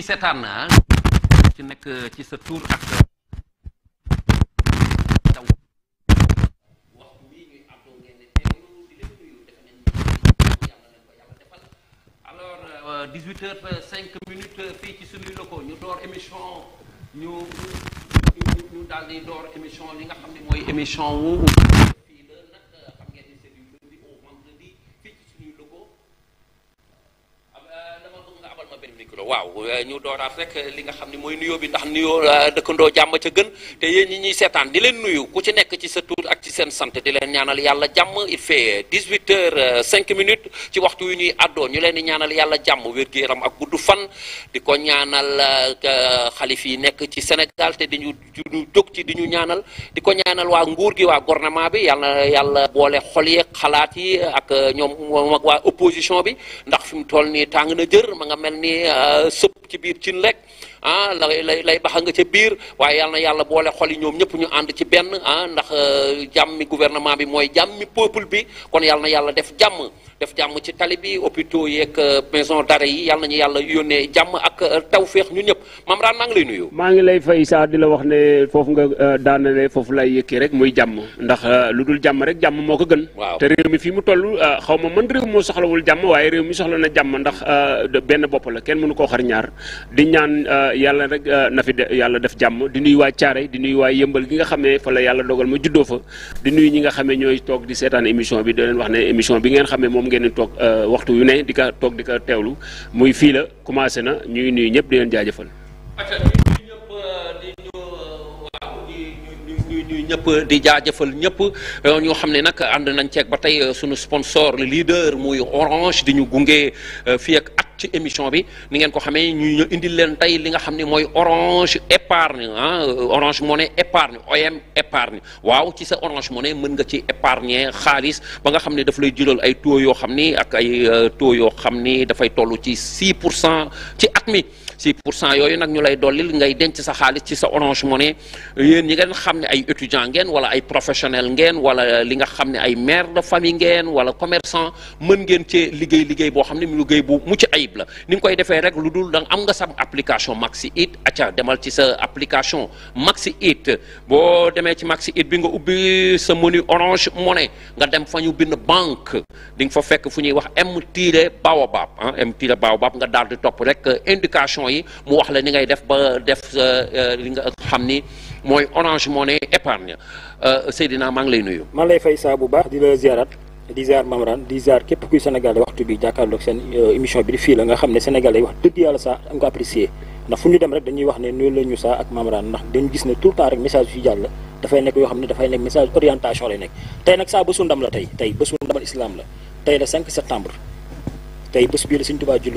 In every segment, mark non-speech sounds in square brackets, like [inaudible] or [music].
ci seetaan na ci nekk ci sa tur ak taw waxtu bii ñuy alors euh, dix huit heures cinq minutes euh, fii ci suñuy locaux ñu door émission ñu ñu daal di door émission li nga xam ne mooy émission wu micro waaw euh, ñu dooraat rek euh, li nga xam ne mooy nuyoo bi ndax nuyoo euh, dëkkandoo jàmm ca gën te yéen ñi ñuy seetaan di leen nuyu ku ci nekk ci sa tur ak ci seen sant di leen ñaanal yàlla jàmm il fait 18 heures 5 minutes ci waxtu wi ñuy àddoo ñu leen di ñaanal yàlla jàmm wér-gu-yaram ak gudd fan di ko ñaanal xalif yi nekk ci Sénégal te di ñu jóg ci di ñu ñaanal di ko ñaanal waa nguur gi waa gouvernement bi yàlla yàlla boole xol yeeg xalaat yi ak ñoom moom ak waa opposition sëpp ci biir cin lekk ah lay lay lay baxa nga ca biir waaye yàlla na yàlla boole xol yi ñoom ñëpp ñu ànd ci benn ah ndax euh, jàmmi gouvernement bi mooy jàmmi peuple bi kon yàlla na yàlla def jàmm def jàmm ci tali bi hôpitaux yeeg euh, maison d'arrêt yi yàlla nañu yàlla yónnee jàmm ak euh, tawféex ñun ñëpp Mame Rane maa ngi lay nuyu. maa ngi lay fay saa di la wax ne foofu nga euh, daanale foofu lay yëkkee rek muy jàmm ndax lu dul jàmm rek jàmm moo ko gën. waaw te réew mi fii mu toll xaw ma man réew moo soxlawul jàmm waaye réew mi soxla na jàmm ndax benn bopp la kenn mënu koo xar ñaar di ñaan yàlla rek na fi yàlla def jàmm di nuyu waa Thiaré di nuyu waa yëmbal gi nga bi di leen ngeen di toog euh, waxtu yu ne di ko toog di ko teewlu muy fii la commencé na ñuy nuyu ñëpp di leen jaajëfal. ñëpp di jaajëfal ñëpp euh, ñoo xam ne nag ànd nañ ceeg ba tey euh, suñu sponsor le leader muy Orange di ñu gunge fii ak at ci émission bi ni ngeen ko xamee ñu ñu indil leen tey li nga xam ne mooy orange épargne ah orange monnaie épargne OM épargne waaw ci sa orange monnaie mën nga ci épargner xaalis ba nga xam ne daf lay jural ay taux yoo xam ni ak ay euh, taux yoo xam ni dafay toll ci 6 pour cent ci at mi. 6 pour cent yooyu nag ñu lay dollil ngay denc sa xaalis ci sa Orange Money yéen ñi ngeen xam ne ay étudiant ngeen wala ay professionnel ngeen wala li nga xam ne ay mère de famille ngeen wala commerçant mën ngeen cee liggéey liggéey boo xam ne liggéey bu mucc ayib la ni nga koy defee rek lu dul da nga am nga sa application Maxi It acca demal ci sa application Maxi It boo demee ci Maxi It bi nga ubbi sa menu Orange Money nga dem fa ñu bind banque di nga fa fekk fu ñuy wax M tiret Baobab ah M tiret Baobab nga daal di topp rek indication yi mu wax la ni ngay def ba def euh, euh, li nga xam ni mooy Orange Money épargne euh, Seydina maa lay nuyu. maa lay fay saa bu baax di la ziarat di ziar Mamran di ziar képp kuy Sénégal waxtu bi jàkkaarloog seen émission bi di fii la nga xam ne Sénégal yi wax dëgg yàlla sax am ko apprécié ndax fu ñu dem rek dañuy wax ne nuyu la ñu saa ak Mamran ndax dañu gis ne tout le temps rek message yu jàll dafay nekk yoo xam ne dafay nekk message orientation lay nekk tey nag saa bésu ndam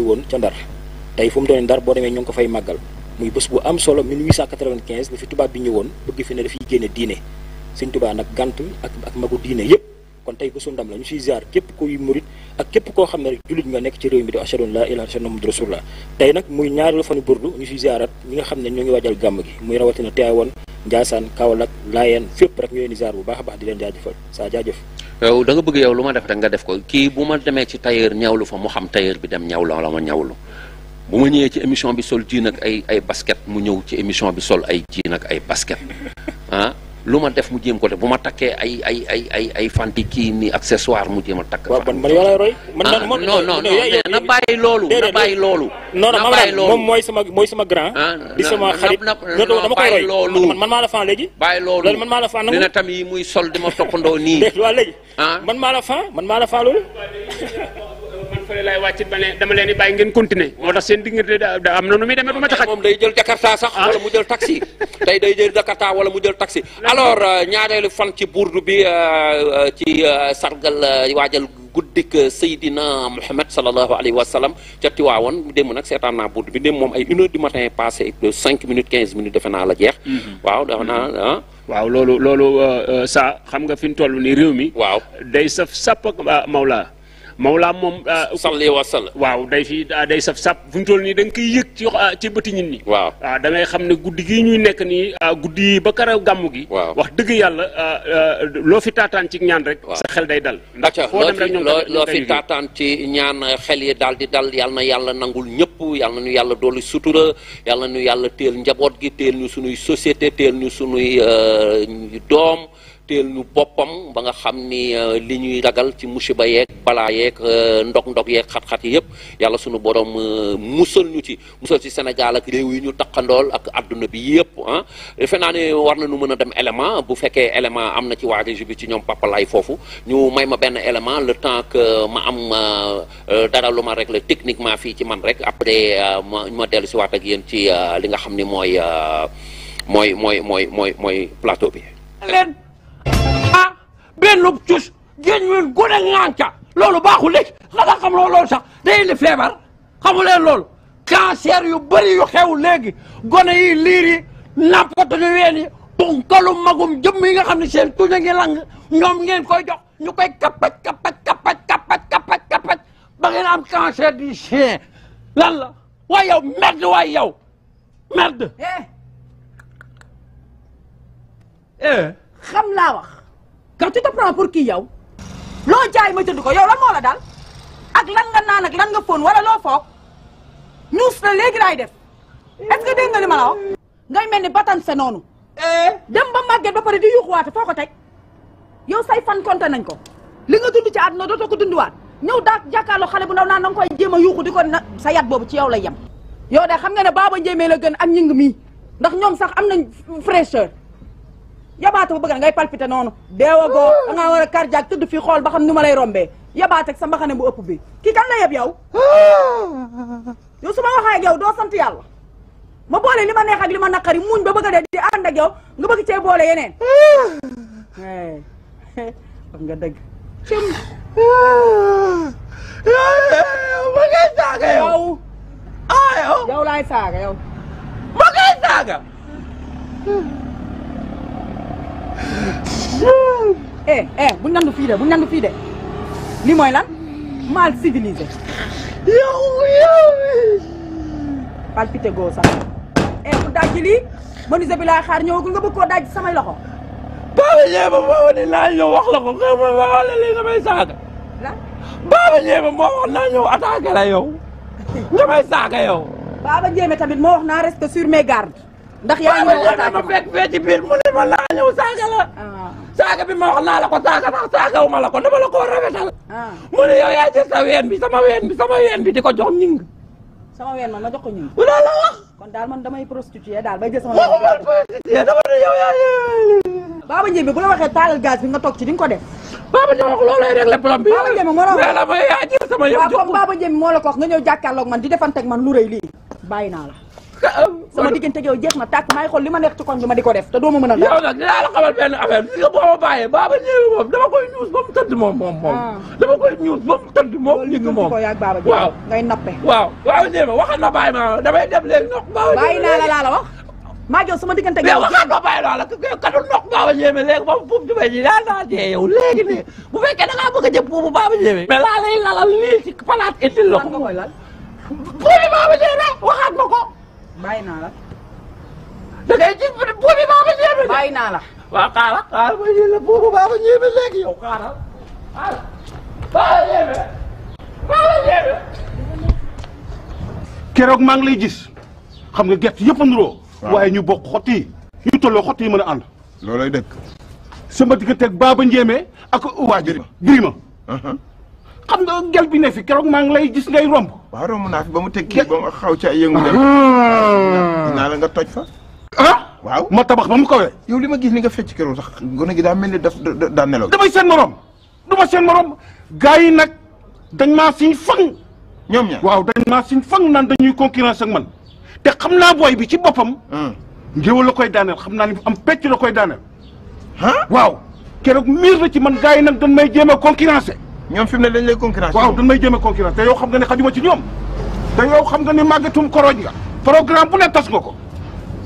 woon ca Ndar tey fu mu ndar boo demee ñu ngi ko fay màggal muy bés bu am solo 1895 la fi tubaab bi ñëwoon fi ne dafiy génne diine nag gant ak ak magu diine yëpp kon tey bésu ndam la ñu képp kuy murit ak képp koo xam ne rek nga nekk ci réew mi di ashhadu an laa ilaaha illallaah muhammadu rasuulullaah tey nag muy ñaareelu fanu burdu ñu siy ziarat ñi nga xam ne ñoo ngi waajal gàmm gi muy rawatina Tiwaawan Njaasaan Kaolack Laayeen fépp rek ñu leen di ziar bu baax baax di leen jaajëfal saa jaajëf yow da nga bëgg yow lu ma def rek nga def ko kii bu ma demee ci tailleur ñawlu fa mu xam tailleur bi dem ñawlu la ma ñawlu bu ma ñëwee ci émission bi sol jiin ak ay ay basket mu ñëw ci émission bi sol ay jiin ak ay basket [laughs] ah lu ma def mu jéem ko def bu ma takkee ay ay ay ay ay fanti kii nii accessoire mu jéem a takk. waaw man man yow lay loolu. loolu. Ah, non non moom mooy sama mooy sama grand. Ah, sama xarit dama koy roy man man maa la fan léegi. bàyyi loolu loolu man maa la fan dina tam yi muy sol di ma toppandoo nii. [laughs] déet waa léegi. Ah. man maa la fan man maa la fan loolu. [laughs] fële laay wàccit ba ne dama leen di bàyyi ngeen continuer moo tax seen diggante da am na nu muy demee du ma ci xaj moom day jël jakarta sax ah. wala mu jël taxi [laughs] tey day jël jakarta wala mu jël taxi alors euh, ñaareelu fan ci burdu bi euh, euh, ci sargal waajal guddik Seydina Mouhamed sallallahu alayhi wa sallam ca Tiwaawoon démb nag seetaan naa burdu bi démb moom ay une heure du matin passé cinq minutes defe naa la jeex mhm. waaw dafa naa mhm. ah. waaw loolu loolu saa xam nga fi mu toll ni réew mi waaw day saf sàpp ah, Mawla moom Mawla moom. Euh, salli wa sall. waaw day fi euh, day saf sap fu ñu toll nii da nga koy yëg ci euh, ci bëti nit ñi. waaw waaw da xam ne guddi gii ñuy nekk nii guddi yi ba karaw gàmmu gi. waaw wax dëgg yàlla loo fi taataan ci ñaan rek. sa xel day dal. ndax foo dem rek ñoom loo fi taataan ci ñaan xel yi daal di dal yal na yàlla nangul ñëpp yal na ñu yàlla dolli sutura yal na ñu yàlla teel njaboot gi teel ñu sunuy société teel ñu sunuy doom. téelu boppam ba nga xam ni euh, li ñuy ragal ci musiba yeeg balaa yeeg euh, ndog-ndog yeeg xat-xat yi yëpp yàlla suñu borom euh, musal ñu ci musal ci Sénégal ak réew yi ñu taqandool ak adduna bi yëpp ah defe naa ne war na nu mën a dem élément bu fekkee élément am na ci waa régie bi ci ñoom papalay foofu ñu may ma benn élément le temps que ma am dara lu ma réglé techniquement fii ci man rek après ma ma dellu si waat ak yéen ci li nga xam ni mooy mooy mooy mooy mooy mooy plateau bi ah benn cus génn ñun gone ŋànca loolu baaxul léegi xanaa loolu sax day indi feebar xamu leen loolu cancer yu bëri yu xew léegi gone yi liir yi nappatuñu ween yi punkalu magum yi nga xam ne seen tuña ngi lang ñoom ngeen koy jox ñu koy kapaj kapaj kapaj kapaj kapaj kapaj am cancer du chien lan la waaye yow merde waaye yow merde eh, eh. xam laa wax kaw tu te prends pour kii yow loo jaay ma jënd ko yow lan moo la daal ak lan nga naan ak lan nga fóon wala loo foog ñuus la léegi laay def est-ce que nga li ma la wax ngay mel ni batan sa noonu eh? dem ba màgget ba pare di yuuxuwaate foo ko teg yow say fan compté nañ ko li nga dund ci àdduna dootoo ko dunduwaat ñëw daa jàkkaarloo xale bu ndaw naan danga koy jéem a yuuxu di ko na sa yat boobu ci yow la yem yow de xam nga ne baaba njéemee la gën ak ñing mii ndax sax am nañ fraîcheur yabaate bu bëgg ngay palpité noonu deewagoo da ngaa war a cardiaque tëdd fii xool ba xam nu ma lay rombee yabaate ak sa mbaxane bu ëpp bi kii la yeb yow yow su ma waxee ak doo sant yàlla ma boole li ma neex li ma naqari muñ ba bëgg a dee di ànd ak yow nga bëgg cee boole yeneen eh, [laughs] wax nga dëgg cim ma ngay saaga ah, yow yow laay saaga yow ma ngay saaga eh eh bu nangu fii de bu nangu fii de lii mooy lan mal civilisé. yow yow. palpité goo sax. eh bu dajji lii menuisier bi laa xaar ñëwagul nga bëgg koo dajji samay loxo. Baba Ndiéba moo ne naa ñëw wax la ko xëy ma waxal la lii damay saaga. lan Baba Ndiéba moo wax naa ñëw attaqué la yow. damay [laughs] saaga yow. Baba Ndiéba tamit moo wax naa reste sur mes ndax yaa ngi ñëw attaqué ma fekk saaga ah. saaga bi ma wax naa la ko saaga sax saagaw ma la ko dama la koo rafetal. Ah. mu ne yow yaa jël sa ween bi sama ween bi sama ween bi di ko jox ñing. sama ween man ma jox ko ñing. wala wax. kon daal man damay prostitué daal bay jël sama. ween bi prostitué dama ne yow yaa Baba Ndiémé bu la waxee taalal bi nga ci di ko def. Baba Ndiémé wax loolay moo la wax sama. yow jox ko waaw comme Baba Ndiémé moo ko nga ñëw jàkkaarloog man di defante ak man lu rëy lii bàyyi naa la sama diggante ak yow jeex na tàkk maay xool li ma neex ci koñ bi ma di ko def te doo ma mën a yow nag dinaa la xamal benn affaire bi nga boo ma bàyyee baaba ñëwee moom dama koy ñuus ba mu tëdd moom moom moom ah. dama koy ñuus ba mu tëdd moom ligg moom ko yaag baaba waaw ngay nappe waaw waaw ñëw ma la laa la wax maa jox sama diggante ak baaba ñëwee léegi ba mu puub di bañi daa naa dee yow léegi ne bu fekkee da ngaa bëgg a baaba ñëwee mais laa lay lalal ci palaat indil la ko puubi baaba ñëwee bàyyi naa la. da ngay gis bi maa ko ñeebe. bàyyi naa la. waaw xaaral xaaral ma ñeebe buubu maa ko ñeebe léegi yow xaaral xaaral maa la ñeebe keroog maa ngi lay gis xam nga gert yëpp a nuroo. waaye ñu bokk xott yi ñu tolloo xott mën a ànd. loolay dëkk. sama digganteeg Baba Ndiémé ak waa Birima Birima. xam nga gel bi ne fi keroog maa ngi lay gis ngay romb. waaw romb naa fi ba mu teg kii ba mu xaw ca ay yëngu dem. Ah. naa la nga toj fa. ah waaw ma tabax ba mu kawee. yow li ma gis ni nga fecc keroog sax gone gi daa mel ni daf daa nelaw. damay seen morom du ma seen morom gars yi nag dañ maa siñ fang. ñoom waaw dañ maa siñ fang naan dañuy concurrence ak man te xam naa booy bi ci boppam. Hmm. ngéwél la koy daaneel xam naa ni am pecc la koy daaneel. ah waaw keroog miir la ci man gars yi nag dañ may jéem a concurrencer. ñoom fi mu ne dañ lay concurrence. waaw dañ may jéem a concurrence te yow xam nga ne xajuma ci ñoom te yow xam nga ne màggatum korooj nga programme bu ne tas nga ko.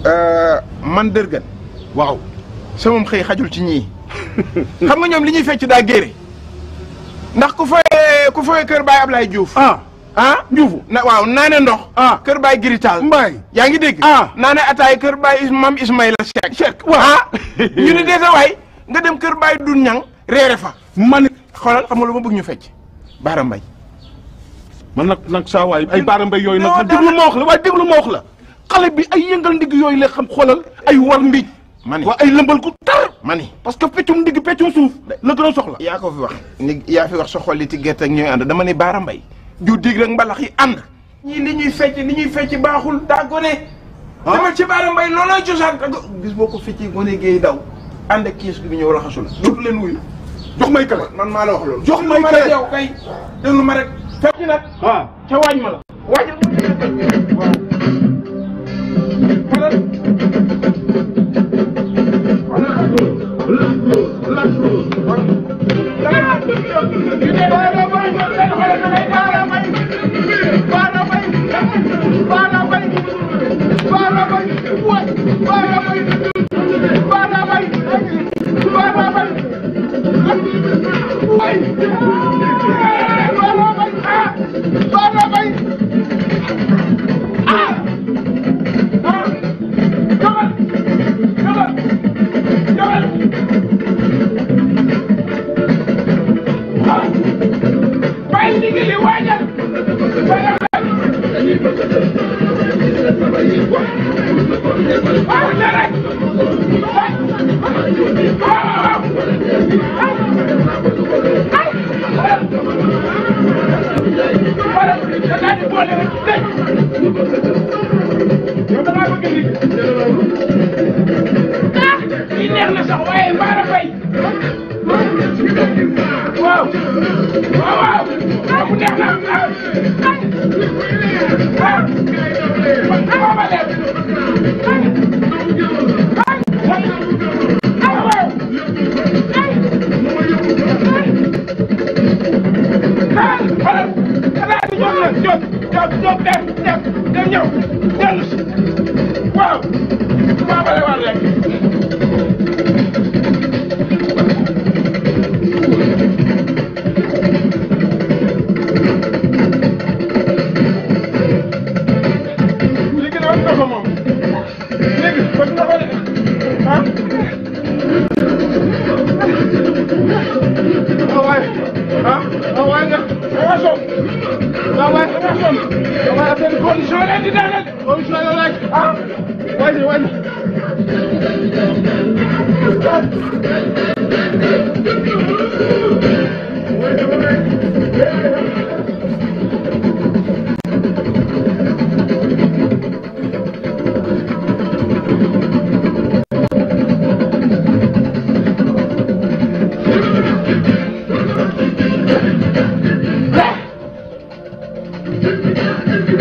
Euh, man dërgan waaw sama xëy xajul ci ñii [laughs] xam nga ñoom li ñuy fecc daa géere ndax ku fay ku fay kër Baye Ablaye Diouf. ah ah Diouf na naane ndox. ah kër Baye Girital. Mbaye yaa ngi dégg. ah naane ataay kër Baye mam Ismaïla Cheikh. Cheikh waaw ah [laughs] ñu ne deeta waay nga dem kër Baye Dun Ñang reere fa man. xoolal xam ma bëgg ñu fecc Baara Mbaye man nag nag saa ay Baara Mbaye yooyu nag déglu ma wax la waaye déglu ma wax la xale bi ay yëngal ndigg yooyu la xam xoolal ay war mbiij mani waa ay lëmbal ku tar mani parce que peccum ndigg peccum suuf la gën a soxla yaa ko fi wax ni yaa fi wax so xol li ci gerte ak ñooy ànd dama ne baarambay ju du dig rek mbalax yi ànd ñii li ñuy fecc li ñuy fecc baaxul daa gone ah. demal ci Baara Mbaye loolooy cosaan bis boo ko fecc gone géey daw ànd ak kiis bi ñëw laxasu leen wuyu jox may kale ma rek. fekk What? mi ngi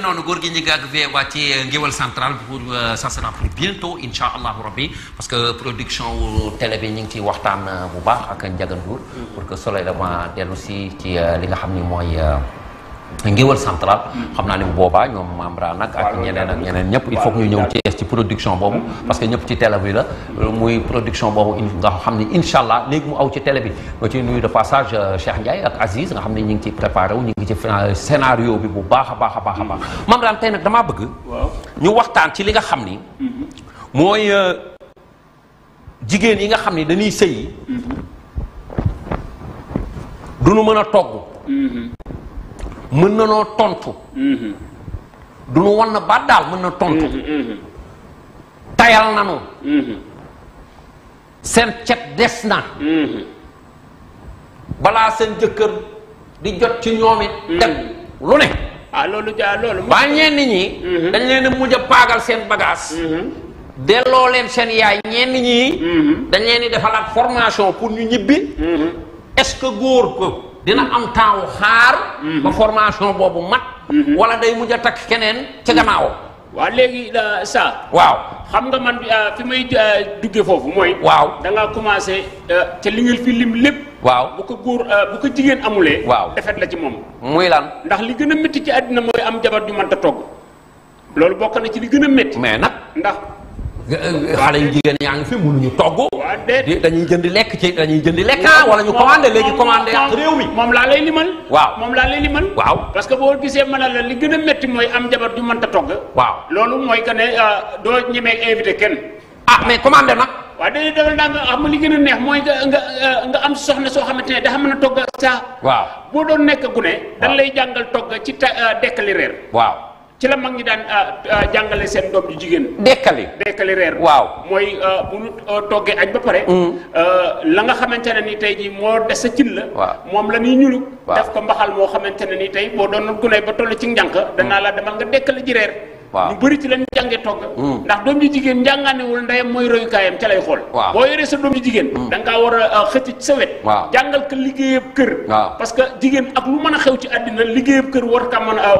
noonu góor gi ñu gàgg vee wàcce ngéwal central pour euh, ça sera pour bientôt incha allahu rabbi parce que production wu télé bi ñu ngi ciy waxtaan euh, bu baax ak Ndiaga Ndour pour que soleil la ma dellu si ci euh, li nga xam ni mooy ngéwal central xam naa ne bu boobaa ñoom membra nag ak ñeneen ak ñeneen ñëpp il faut que ñu ñëw ci ci production boobu mm-hmm. que ñëpp ci télé bi la muy production boobu nga xam ne incha allah léegi mu aw ci télé bi nga ci nuyu de passage euh, Cheikh Ndiaye ak Aziz xam ne ñu ngi ci préparé wu ñu ngi ci euh, scénario bi bu baax a baax a baax a baax mm-hmm. membra tey nag damaa bëgg ñu waxtaan ci li nga xam ni mm-hmm. mooy euh, jigéen yi nga xam ni dañuy sëyi du nu mën a togg mën na noo tontu. Mm-hmm. du nu wan baat daal mën na tontu. Mm-hmm, mm-hmm. tayal nanu seen cet des na. balaa seen jëkkër di jot ci ñoom it. dem lu ne. ah loolu ja loolu. ba ñenn ñi. dañ leen a mujj a paagal seen bagage. delloo leen seen yaay ñenn ñi. dañ leen di defalaat formation pour ñu ñibbi. est-ce que góor ko. dina am temps wu xaar. Mhm. ba formation boobu mat. Mhm. wala day mujj a takk keneen ci gannaawam. waaw léegi ça. waaw xam nga man euh, fi may euh, duggee foofu mooy. waaw da ngaa commencé ca euh, li ngeen fi lim lépp. waaw bu ko góor bu ko jigéen amulee. waaw defet la ci moom. muy lan ndax li gën a métti ci àddina mooy am jabar ju mënta togg. loolu bokk na ci li gën a métti. mais nag ndax. xale yu jigéen yaa ngi fi mënuñu togg. dañuy jënd lekk ci dañuy jënd lekk. Ah, wala ñu commandé léegi commandé yàq moom laa lay limal. waaw moom laa lay limal. waaw parce que boo gisee mën a la li gën a métti mooy am jabar ju mënta togg. waaw loolu mooy que ne euh, doo ñemee invité kenn. ah mais commandé nag. waaw dañuy defal ndànk xam li gën a neex mooy nga nga euh, am soxna soo xamante ne dafa man a togg saa. waaw boo doon nekk gune. waaw lay jàngal togg ci ta euh, dekkali reer. waaw. ci la mag ñi daan ah, ah, jàngale seen doom ju jigéen. dekkali dekkali reer. waaw mooy ah, bu ñu toggee añ ba pare. Mm. la nga xamante ne ni tey jii moo des a cin la. waaw moom la ñuy ñuluk def ko mbaxal moo xamante ne ni tey boo doon gune ba toll ci njànk mm. danaa la demal nga dekkali ji reer. waaw ñu bëri ci lañ jànge togg hmm. ndax doom ji jigéen njàngaanewul ndeyam mooy royukaayam ca lay xool boo yoree sa doom ji jigéen hmm. da war a xëcc jigéen a xew ci a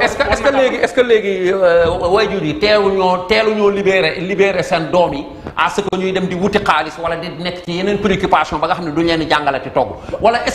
est-ce que est-ce que léegi est-ce que léegi euh, waajur yi teelu ñoo yi à di wuti xaalis wala di nekk ci yeneen préoccupation ba nga xam ne duñ leen di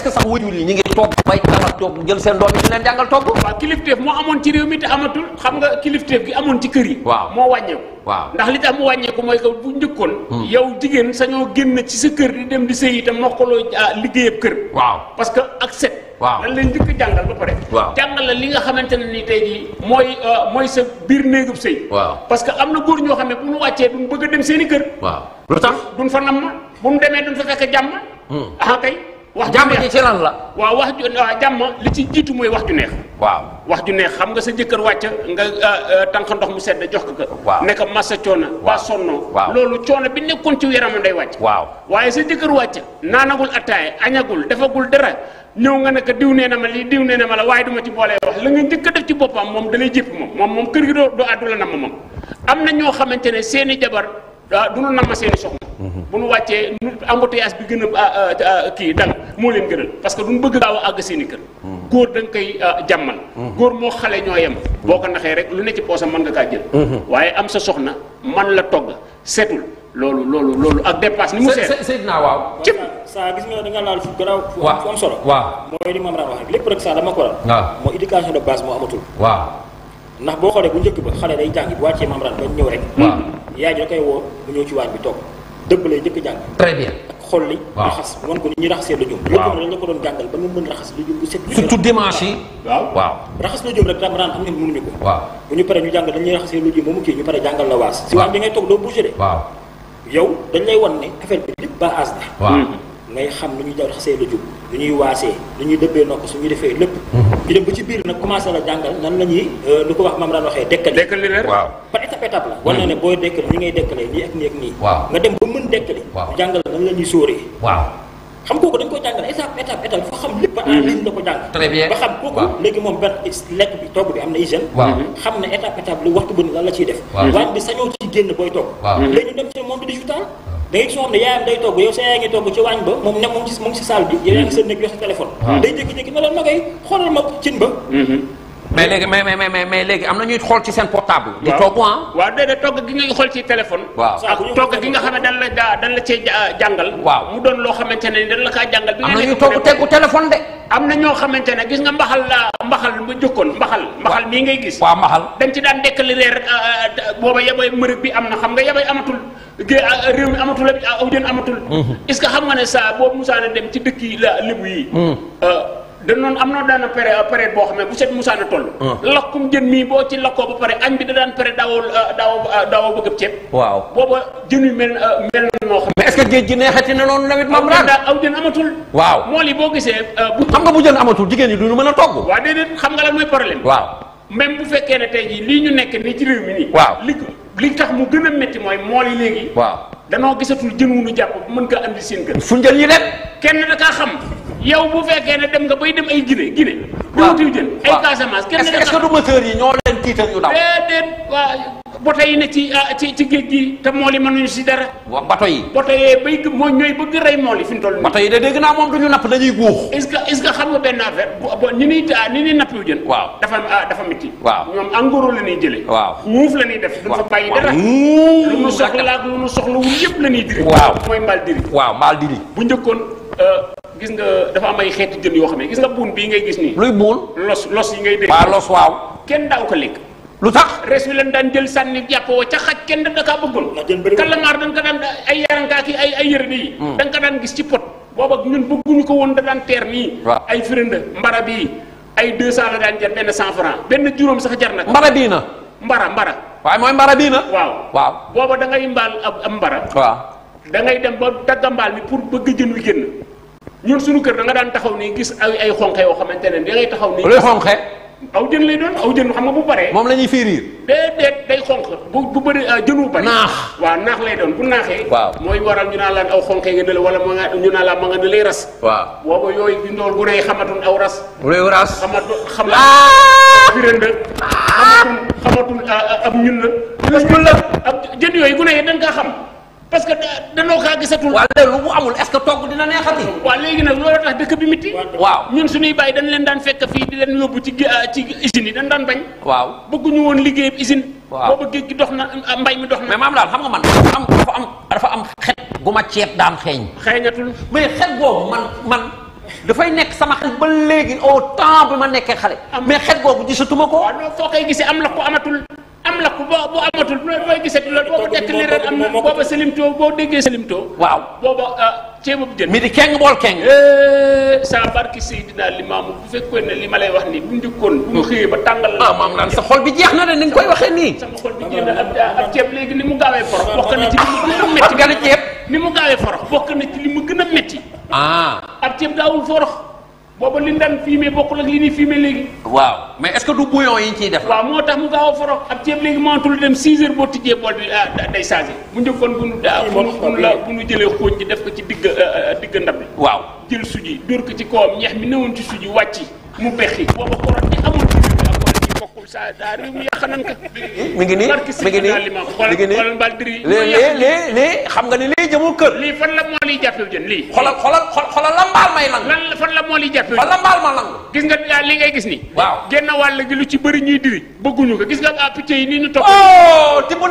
sax waajur yi ñu ngi togg bay tala togg jël seen doom yi di leen jàngal togg waaw kilifteef moo amoon ci réew mi te amatul xam nga kilifteef gi amoon ci kër yi. waaw moo wàññeeku. waaw ndax li tax mu wàññeeku mooy que bu njëkkoon. Hmm. yow jigéen sañoo génn ci sa kër di dem di sëy itam mokkaloo ah, liggéeyab kër. waaw parce que ak set. waaw lan leen njëkk jàngal ba pare. waaw jàngal la li nga xamante ne ni tey jii mooy euh, mooy sa biir néegub sëy. waaw parce que am na góor ñoo xam ne bu ñu wàccee duñ bëgg a dem seeni kër. waaw lu tax duñ fa nam ma bu ñu demee duñ fa fekk jàmm. Hmm. ah kay wax jàmm ji ci lan la waaw wax ju waaw jàmm li ci jiitu mooy wax ju neex waaw wax ju neex xam nga sa jëkkër wàcc nga ah, ah, tànk ndox mu sedd jox ko ko ne ko massa coono ba sonno loolu coono bi nekkoon ci yaramam day wàcc waaw waaye sa jëkkër wàcc naanagul attaaya añagul defagul dara ñëw nga ne ko diw nee na ma lii diw nee na ma la waaye duma ci boolee wax la nga njëkk a def ci boppam moom dalay jépp moom moom moom kër gi doo doo àddu la na ma moom am na ñoo xamante ne seeni jabar ah, du lu na ma seeni soxna bu nu wàccee nu embouteillage bi gën a ah, ah, ah, kii dal moo leen gënal parce que duñ bëgg gaaw a àgg seen i kër góor da nga koy jàmmal góor moo xale ñoo yem boo ko naxee rek lu ne ci poosam mën nga kaa jël waaye am sa soxna man la togg seetul loolu loolu loolu ak dépasse ni mu seet Seydina waaw cëp gis nga da nga laal fu garaaw fu am solo waaw mooy li maam wax rek lépp rek saa dama ko daal mooy éducation de base moo amatul waa ndax boo xoolee bu njëkk ba xale day jàngi bu wàccee maam raa ba ñëw rek yaay ji koy woo mu ñëw ci waañ bi toog dëbb lay njëkk jàng. très bien ak xol li. waaw raxas wan ko ni ñuy raxasee lu jëm. waaw loolu ko doon jàngal ba nga mën raxas lu jëm lu set. surtout dimanche yi. waaw waaw raxas lu jëm rek daan xam ne mënuñu ko. waaw bu ñu paree ñu jàngal dañuy raxasee lu jëm ba mu kii ñu paree jàngal la waas. si waas bi ngay toog doo bougé de. yow dañ lay wan ne affaire bi lépp baa aas ngay xam lu ñuy daw xasee la jub lu ñuy waasee lu ñuy dëbbee nokk suñuy defee lépp mhm. ñu dem ba ci biir nag commencé la jàngal nan la ñuy nga dem ba mën dekkali jàngal la ñuy sóoree waaw xam kooku dañ ko jàngal mhm. la ko jàng très xam kooku léegi moom benn lekk bi togg bi am na hygiène mhm. xam ne étape étape li waxtu bu ne lan ciy def waaye di sañoo ci génn booy togg léegi dem ci monde digital da ngay gis ne yaayam day togg yow sa yaay ngi togg ci waañ ba moom ne moom moom ci salle bi yaa ngi sa nekk yor sa téléphone ah. day jékki-jékki ne la ma koy xoolal ma cin ba mm-hmm. mais léegi mais mais mais mais léegi am na ñuy xool ci seen portable. di togg ah. waaw déedéet togg gi ngay xool ci téléphone. waaw ak togg gi nga xam ne dañ la dañ la cee jàngal. waaw mu doon loo xamante ne dañ la kaa jàngal. bi nga am na ñuy togg teggu téléphone de. am ñoo xamante ne gis nga mbaxal la mbaxal bu jëkkoon mbaxal. mbaxal mii ngay gis. waaw mbaxal dañ ci daan dekkali reer euh, euh, booba yabay mërëb bi am na xam nga yabay amatul. gée euh, réew mi amatul aw jën amatul. Mhm. est-ce que xam nga ne saa boobu Musaana dem ci dëkk yi la lébu mhm. da noonu am na daan période période boo xam ne bu set musaana toll. Ah. lakkum jën mii boo ci lakkoo ba pare añ bi da daan pare daawoo ah, ah, daawoo daawoo bëgg ceeb. waaw booba jën yu mel mel na noo xam ne. est-ce que géej gi neexati na noonu nawet moom daal aw jën amatul. waaw mool bu xam amatul jigéen ñi duñu mën a togg. waaw déedéet xam nga lan mooy problème. waaw même bu fekkee ne tey jii lii ñu nekk nii ci réew mi nii. waaw li li tax mu gën a métti mooy mool yi léegi. waaw. danoo gisatul jën wu nu jàpp mën nga andi seen kër. fu njël yi dem. kenn da xam yow bu fekkee ne dem nga bay dem ay Guinée Guinée. waaw waaw du wutiw jën ay Casamance. kenn da kaa xam est-ce que du mëseur yi ñoo leen tiital ñu daw. déedéet waaw. bato yi ne ci ah, ci ci géej gi te mool yi mënuñu si dara. waaw bato yi. bato yee bay mooy yi fi ñu napp dañuy guux. est ce que est ce que xam nga benn affaire bu ni ñuy taa ah, ni ñuy napp yu jën. waaw dafa ah, waaw ñoom engrais la ñuy jëlee. waaw muuf la ñuy def. waaw waaw duñ fa waaw mooy mbaal diri. bu njëkkoon. Euh, gis nga dafa am ay xeeti jën yoo xam ne gis nga buun bi ngay gis nii. luy buun los los yi ngay dégg. waaw los waaw. kenn daaw ko lekk lu tax res bi leen daan jël sànni jàpp wa ca xaj kenn da kaa bëggul kallangaar da nga ko daan ay yarankaa ki ay ay yërëde yi hmm. da nga daan gis ci pot booba ñun bëgguñu ko woon da daan teer nii ay firinde mbara bii ay deux cent la daan jar benn cent franc benn juróom sax jar nag mbara bii na mbara mbara waaye mooy mbara bii na waaw waaw booba da ngay mbaal ab mbara waaw da ngay dem ba dagga mbaal mi pour bëgg jën wi génn ñun sunu kër da nga daan taxaw nii gis ay ay xonqe yoo xamante ne da ngay taxaw nii luy xonqe aw jën lay doon aw jën xam nga bu baree. moom la ñuy féerir. déedéet day xonq bu bu bëri euh, jënu bari. naax waaw naax lay doon bu naaxee. waaw mooy waral ñu naan laa aw xonqee nga dale wala ma nga ñu naan la ma nga dalee ras. waaw boobu yooyu bi ndool bu rëy xamatul aw ras. bu rëy ras xamatu xam ah! la. firnde xamatul xamatul ab ñun la. gis la ab jën yooyu bu ne dañ kaa xam. parce que danoo kaa gisatul. waaw léegi lu mu amul est-ce que togg dina neexati. waaw léegi nag loolu tax dëkk bi miti. waaw ñun suñuy bàyyi dañ leen daan fekk fii di leen yóbbu ci ah, ci yi dañ daan bañ. waaw bëgguñu woon liggéeyub usine. waaw boobu na ah, mbay mi dox na. mais maam daal xam nga man dafa am dafa am am xet gu ma ceeb daan xeeñ. xeeñatul mais xet boobu man man. dafay nekk sama xel ba léegi au temps bi ma nekkee xale. mais xet googu gisatuma ko. waaw foo koy gisee am la ko amatul. am la ko boo boo amatul booy gisati loolu boo ko tekk li ren am boo euh, di keng bool keng. Euh, bu fekkoon li ma lay wax nii bu njëkkoon. mu xëyee ba tàngal la. ah maam naan sa xol bi jeex na de ni nga koy waxee nii. sama xol bi jeex na ak ceeb léegi ni mu gaawee forox. bokk na ci li mu gën a métti. a ceeb ni a métti. ah ab ceeb daawul forox. booba li daan fumier bokkul ak li fii fumier léegi. waaw mais est du bouillon yi ñu ciy def. waaw moo tax mu gaaw a foro ab ceeb léegi mënatul dem 6 heures boo tijjee bool bi ah, day changé. bu njëkkoon bu nu ah, bu bu nu jëlee xóoñ ji def ko ci digg euh, euh, digg ndab bi. waaw jël suji dóor ko ci kawam ñeex mi ne woon ci suji wàcc mu bexi booba xoron sa daa réew mi yàq mi ngi nii mi ngi nii mi ngi nii xoolal mbal diri. lii lii lii kër. lii fan la moo liy jàppee jën lii. xoolal xoolal xoolal la mbaal may lang. fan la moo liy jàppee jën. fan la mbaal ma li ngay gis nii. waaw génn wàll gi lu ci bëri ñuy diri. bëgguñu ko gis nga ah yi nii ñu topp. oh tibb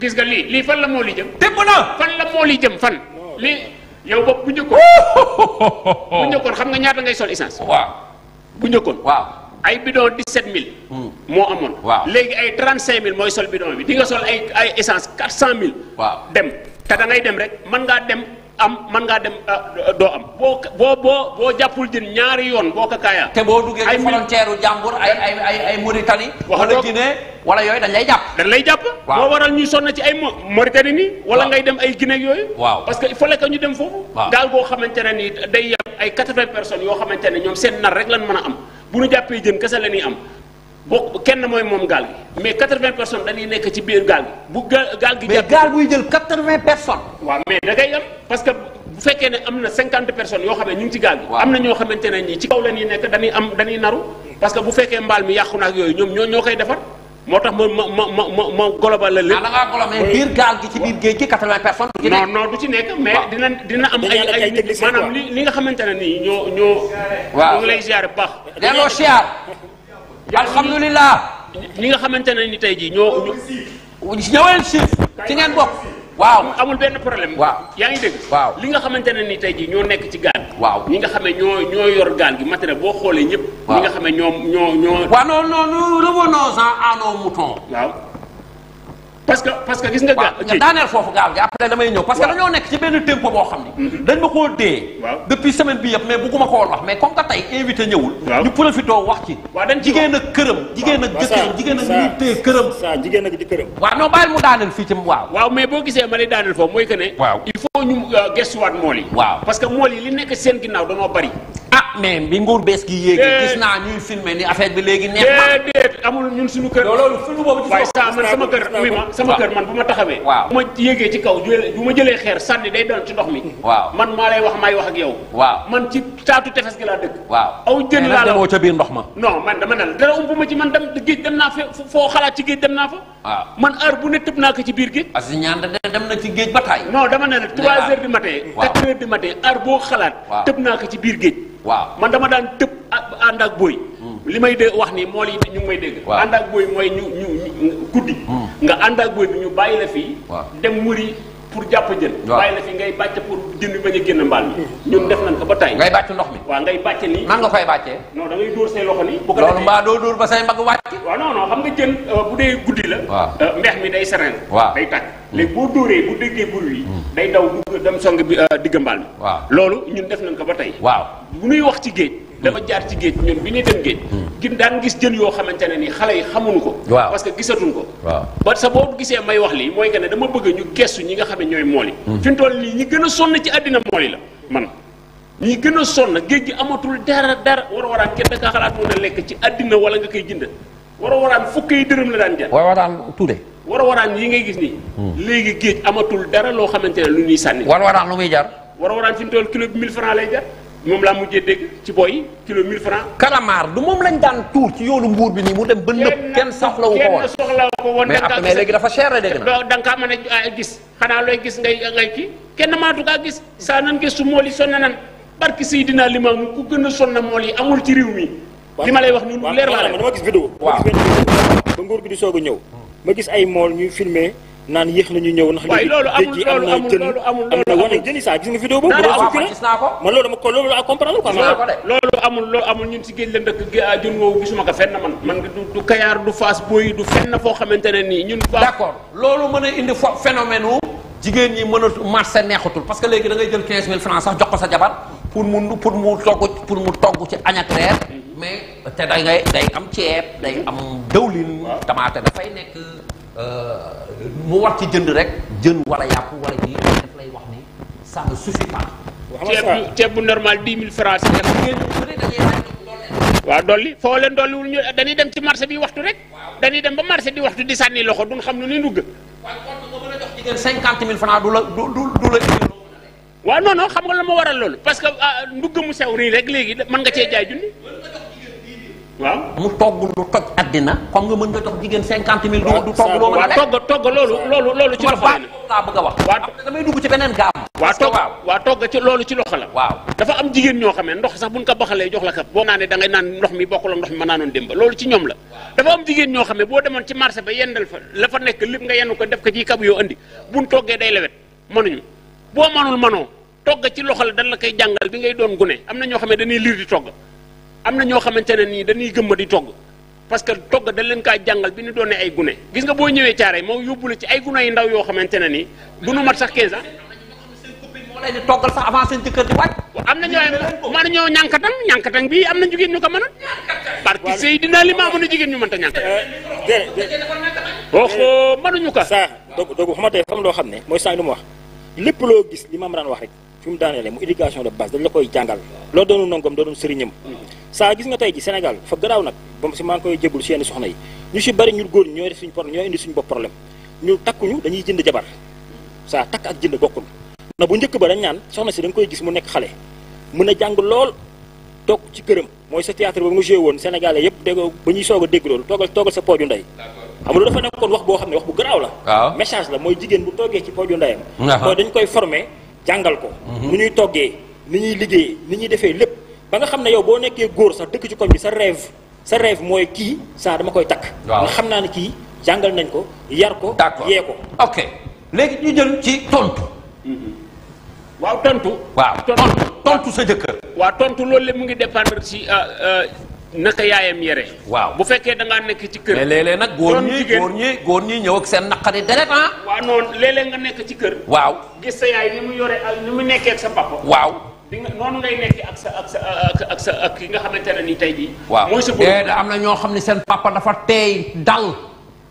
gis nga lii lii fan la moo liy jëm. tibb na fan la moo liy jëm fan. lii yow bopp bu njëkkoon. Oh. bu njëkkoon xam nga ñaata ngay sol essence. waaw bu njëkkoon waaw ay bidon mille hmm. moo amoon. waaw léegi ay 35000 mooy sol bidon bi di nga sol ay ay essence 400000. waaw dem te da ngay dem rek mën ngaa dem am mën ngaa dem ah, doo am boo boo boo boo jàppul jën ñaari yoon boo ko kaayaa. te boo duggee ci frontière jàmbur ay ay ay ay Mauritanie. wala Guinée wala yooyu dañ lay jàpp. dañ lay jàpp. waaw moo waral ñuy sonn ci ay Mauritanie nii. wala ngay dem ay Guinée yooyu. waaw parce que il faut ñu dem foofu. gaal boo xamante ne nii day yem ay 80 personnes yoo xamante ne ñoom seen nar rek lañ mën a am. bu nu jàppee jën kese la ñuy am bokk kenn mooy moom gaal gi mais 80 personnes dañuy nekk ci biir gaal gi bu gaal gi. mais gaal buy jël 80 personnes. waaw mais da am parce que bu fekkee ne am na 50 personnes yoo xam ne ñu ngi ci gaal gi. am na ñoo xamante ne ñi ci kaw la ñuy nekk dañuy am dañuy naru. parce que bu fekkee mbaal mi yàqu na ak yooyu ñoom ñoo ñoo koy defar. moo tax ma ma ma ma ma golobal la lépp. ah da ngaa golobal mais biir gaal gi ci biir géej gi 80 personnes. du ci nekk du ci nekk mais dina dina am ay ay maanaam li li nga xamante ne nii ñoo ñoo. waaw ñu ngi lay ziar baax. delloo ziar. alhamdulilah. ñi nga xamante ne ni tey jii ño ñëwal si. ci ngeen bokk. waaw amul benn problème. waaw yaa ngi dégg. waaw li nga xamante ne ni tey jii ñoo nekk ci gaal. waaw ñi nga xam ne ñoo ñoo yor gaal gi matériel boo xoolee ñëpp. ñi nga xam ne ñoom ñoo ñoo. waaw non non nous revenons à nos moutons. waaw. parce que parce que gis nga. waaw nga daaneel foofu gaaw gi après damay ñëw. parce que dañoo nekk ci benn tempo boo xam ni. Mhm. dañ ma koo dee. depuis semaine bi yëpp mais bugguma ko wax mais comme que tey invité ñëwul. ñu profité wax ci. jigéen ak këram. jigéen ak jëkkër jigéen ak ñuy téye mu daaneel fii ci waaw. waaw mais boo gisee ma lay daaneel foofu mooy que ne. waaw il faut ñu euh, gëstuwaat mool yi. waaw parce que yi li nekk seen ginnaaw danoo bari ah mais bi nguur bees gi yéegee. gis naa ñuy filmé ni affaire bi léegi neex na. déedéet amul ñun suñu kër. loolu film man sama kër man bu ma taxawee. waaw bu ma yéegee ci kaw bu ma jëlee xeer sànni day doon ci ndox mi. waaw man maa lay wax maay wax ak yow. waaw man ci taatu tefes gi laa dëkk. waaw aw jën laa la demoo ca ndox ma. non man dama ne ma ci man dem géej dem naa fa foo ci géej dem naa fa. waaw man heure bu ne tëb naa ko ci biir géej. parce que ñaata dem na ci géej ba taay. non dama ne la 3 heures du matin. 4 heures boo xalaat. tëb naa ko ci biir géej waaw man dama daan tëb ànd ak booy. Hmm. li may de wax nii mool yi ñu may dégg. waaw ànd ak booy mooy ñu ñu guddi. Hmm. nga ànd ak booy bi ñu bàyyi la fii. dem wëri pour jàpp jën. bàyyi la fi ngay bàcc pour jën bi bañ a génn mbaal mi. ñun def nañ ko ba tay ngay bàcc ndox mi. waa ngay bàcc nii. nan nga fay bàccee. non da ngay dóor say loxo nii. bu ko defee loolu mbaa doo dóor ba say mbagg wàcc. waaw non non xam nga jën euh, bu dee guddi la. waaw euh, mbeex mi day sereen. waaw day léegi boo dóoree bu déggee bur yi hmm. day daw dugg dem song bi euh, digg mbaal mi waaw loolu ñun def nañ ko ba tey waaw bu ñuy wax ci géej hmm. dafa jaar ci géej ñun bi ñuy dem géej hmm. gin daan gis jën yoo xamante ne nii xale yi xamuñu ko waaw parce que gisatuñ ko waaw ba sa boo gisee may wax lii mooy nga ne dama bëgg ñu gestu ñi nga xam ne ñooy mool yi fi mu toll ñi gën a sonn ci àddina mool yi la man ñi gën a sonn géej gi amatul dara dara war a waraan kenn da xalaat mun lekk ci àddina wala nga koy jënd wara waraan fukk yi dërëm la daan jar. wara waraan tuure. wara ngay gis nii. Hmm. léegi géej amatul dara loo xamante ne lu ñuy sànni. wara waraan lu muy jar. wara waraan fi mu toll kilo bi 1000 francs lay jar. moom laa mujjee dégg ci booy yi kilo 1000 francs. kalamaar du moom lañ daan tuur ci yoonu mbuur bi nii mu dem ba nëb. kenn soxlawu la woon ko woon. mais après mais léegi dafa cher la dégg naa. da kaa mën a ah, gis xanaa looy gis ngay ngay kii kenn maa maatu kaa gis. saa nan gis su mool yi sonn nan barki Seydina Limaamu ku gën a sonn mool yi amul ci réew mi li ma lay wax nii leer laa dama gis vidéo ba nguur gi di soo a ñëw ma gis ay mool ñuy filmer naan yéex nañu ñëw nax léegi géej gi am na jën am na wane jën yi saa gis nga vidéo boobu loolu sukkure man loolu dama a comprendre quoi amul loolu amul ñun si géej la ndëkk ah, jën woowu gisuma ko fenn man man du kayaar du faas booy du fenn foo xamante ne nii ñun d'accord loolu mën a indi fo phénomène wu jigéen ñi mën a marché neexatul parce que léegi dangay ngay jël 15000 francs sax jox ko sa jabar pour mu pour mu togg pour mu togg ci añak reer mais te day ngay day am ceeb day am dëwlin tamaate dafay nekk mu war ci jënd rek jën wala yàpp wala yi daf lay wax ni ça ceeb bu normal dix mille waa waaw dolli foo leen dolliwul ñu dañuy dem ci marché bi waxtu rek dañuy dem ba marché di waxtu di sànni loxo duñ xam lu ni dugg cinquante mille francs du la du du du la waaw non xam nga la ma waral loolu parce que ah, ndugg mu sew nii rek léegi mën nga cee jaay junni waaw mu togg lu toj addina comme nga mën nga jox jigéen cinquante mille. waaw du togg a lekk togg togg loolu loolu ci loxo la a wax. dugg ci beneen gaam. waa waa togg ci loolu ci loxo la. waaw dafa am jigéen ñoo xam ne ndox sax buñ ko baxalee jox la kap boo naanee da naan ndox mi bokkul ak ndox mi ma naanoon démb loolu ci ñoom la. dafa am jigéen ñoo xam ne boo demoon ci marché ba yendal fa la fa nekk lépp nga yenn ko def ko ci kab yoo andi buñ toggee day lewet mënuñu boo mënul mënoo togg ci loxo la dan la koy jàngal bi ngay doon gune am na ñoo xam ne dañuy liir di am na ñoo xamante ne nii dañuy gëmm di togg parce que togg dañ leen kaa jàngal bi ñu doon ay gune gis nga boo ñëwee caare moo yóbbu la ci ay gune yu ndaw yoo xamante ne nii du nu mat sax 15 ans. toggal sax avant seen jëkkër di wàcc am na ñoo man ñoo ñànkatan ñànkatan bi am na jigéen ñu ko mën a parce que Seydina Limaamu na jigéen ñu mënta ñànk wax mënuñu ko eh, sa dogu xamante xam loo xam ne mooy sànq lu mu wax lépp loo gis li ma daan wax rek fi mu daaneele mu éducation de base dañ la koy jàngal loo doonu nangam doo doon sëriñam mm-hmm. saa gis nga tey ji Sénégal fa garaaw nag ba si maa koy jégul si yenn soxna yi ñu si bëri ñun góor ñi ñooy def suñu problème ñooy indi suñu bopp problème ñu takkuñu dañuy jënd jabar saa takk ak jënd bokkul na bu njëkk ba dañ naan soxna si da koy gis mu nekk xale mën a jàng lool toog ci këram mooy sa théâtre ba nga joué woon Sénégalais yëpp dégg ba ñuy soog a dégg loolu toogal toogal sa pooju ndey xam nga dafa wax boo xam ne wax bu garaaw la message la mooy jigéen bu toogee ci pooju ndeyam mooy dañ koy jàngal ko mhm. nu ñuy toggee ni ñuy liggéeyee ni ñuy defee lépp ba nga xam ne yow boo nekkee góor sax dëkk ci koñ bi sa rêve sa rêve mooy kii saa dama koy takk nga xam naa ne kii jàngal nañ ko yar ko yee ko ok léegi ñu jël ci tontu mhm. waaw tontu waaw tontu tontu sa jëkkër waa tontu loolu la mu ngi dépendre ci euh, euh, naka yaayam yere waaw bu fekkee da ngaa nekk ci kër. mais nag góor ñi góor ñi ñëw ak seen naqari deret ah. waaw noonu léeg-léeg ci kër. waaw sa yaay mu yore ak ni mu nekkee ak sa papa. waaw di nga noonu ngay ak sa ak sa ak sa ak ki nga xamante ne nii tey jii. waaw mooy sa am na ñoo xam ne seen papa dafa teey dal.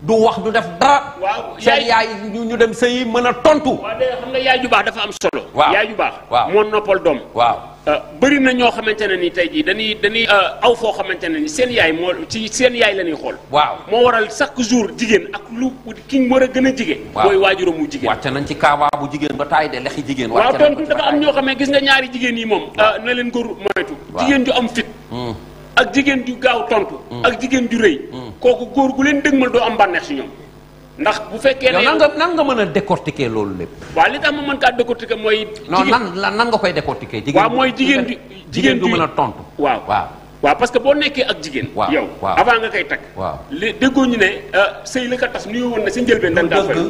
du wax du def dara. waaw seen yaay ñu dem sëyi mën a tontu. waaw yaay ju baax dafa am solo. waaw yaay ju baax. waaw moo noppal doom. waaw. Euh, bëri na ñoo xamante ne ni tey jii dañuy dañuy euh, aw foo xamante ne ni seen yaay moo ci seen yaay la ñuy xool. waaw moo waral chaque jour jigéen ak lu ki war a gën a jigéen. waaw mooy waajuram mu nañ ci kaawaa bu jigéen ba taay de lexi jigéen. wàcc nañ ko am ñoo xam ne gis nga ñaari jigéen yi moom. Euh, na leen ko moytu. jigéen ju am fit. Hmm. ak jigéen ju gaaw tontu. Hmm. ak jigéen ju rëy. Hmm. kooku góor gu leen dëgmal doo am bànneex si ñoom. ndax bu fekkee ne yow nan nga mën a décortiquer loolu lépp. waaw li tax ma mën kaa décortiquer mooy. non nan nan nga koy décortiquer. jigéen waaw mooy jigéen ju jigéen du mën a tontu. waaw waaw. waaw parce que boo nekkee ak jigéen. waaw yow avant nga koy takk. waaw li déggoo ñu ne euh, sëy la ka tas nuyoo woon na si njëlbeen. dañ daa fay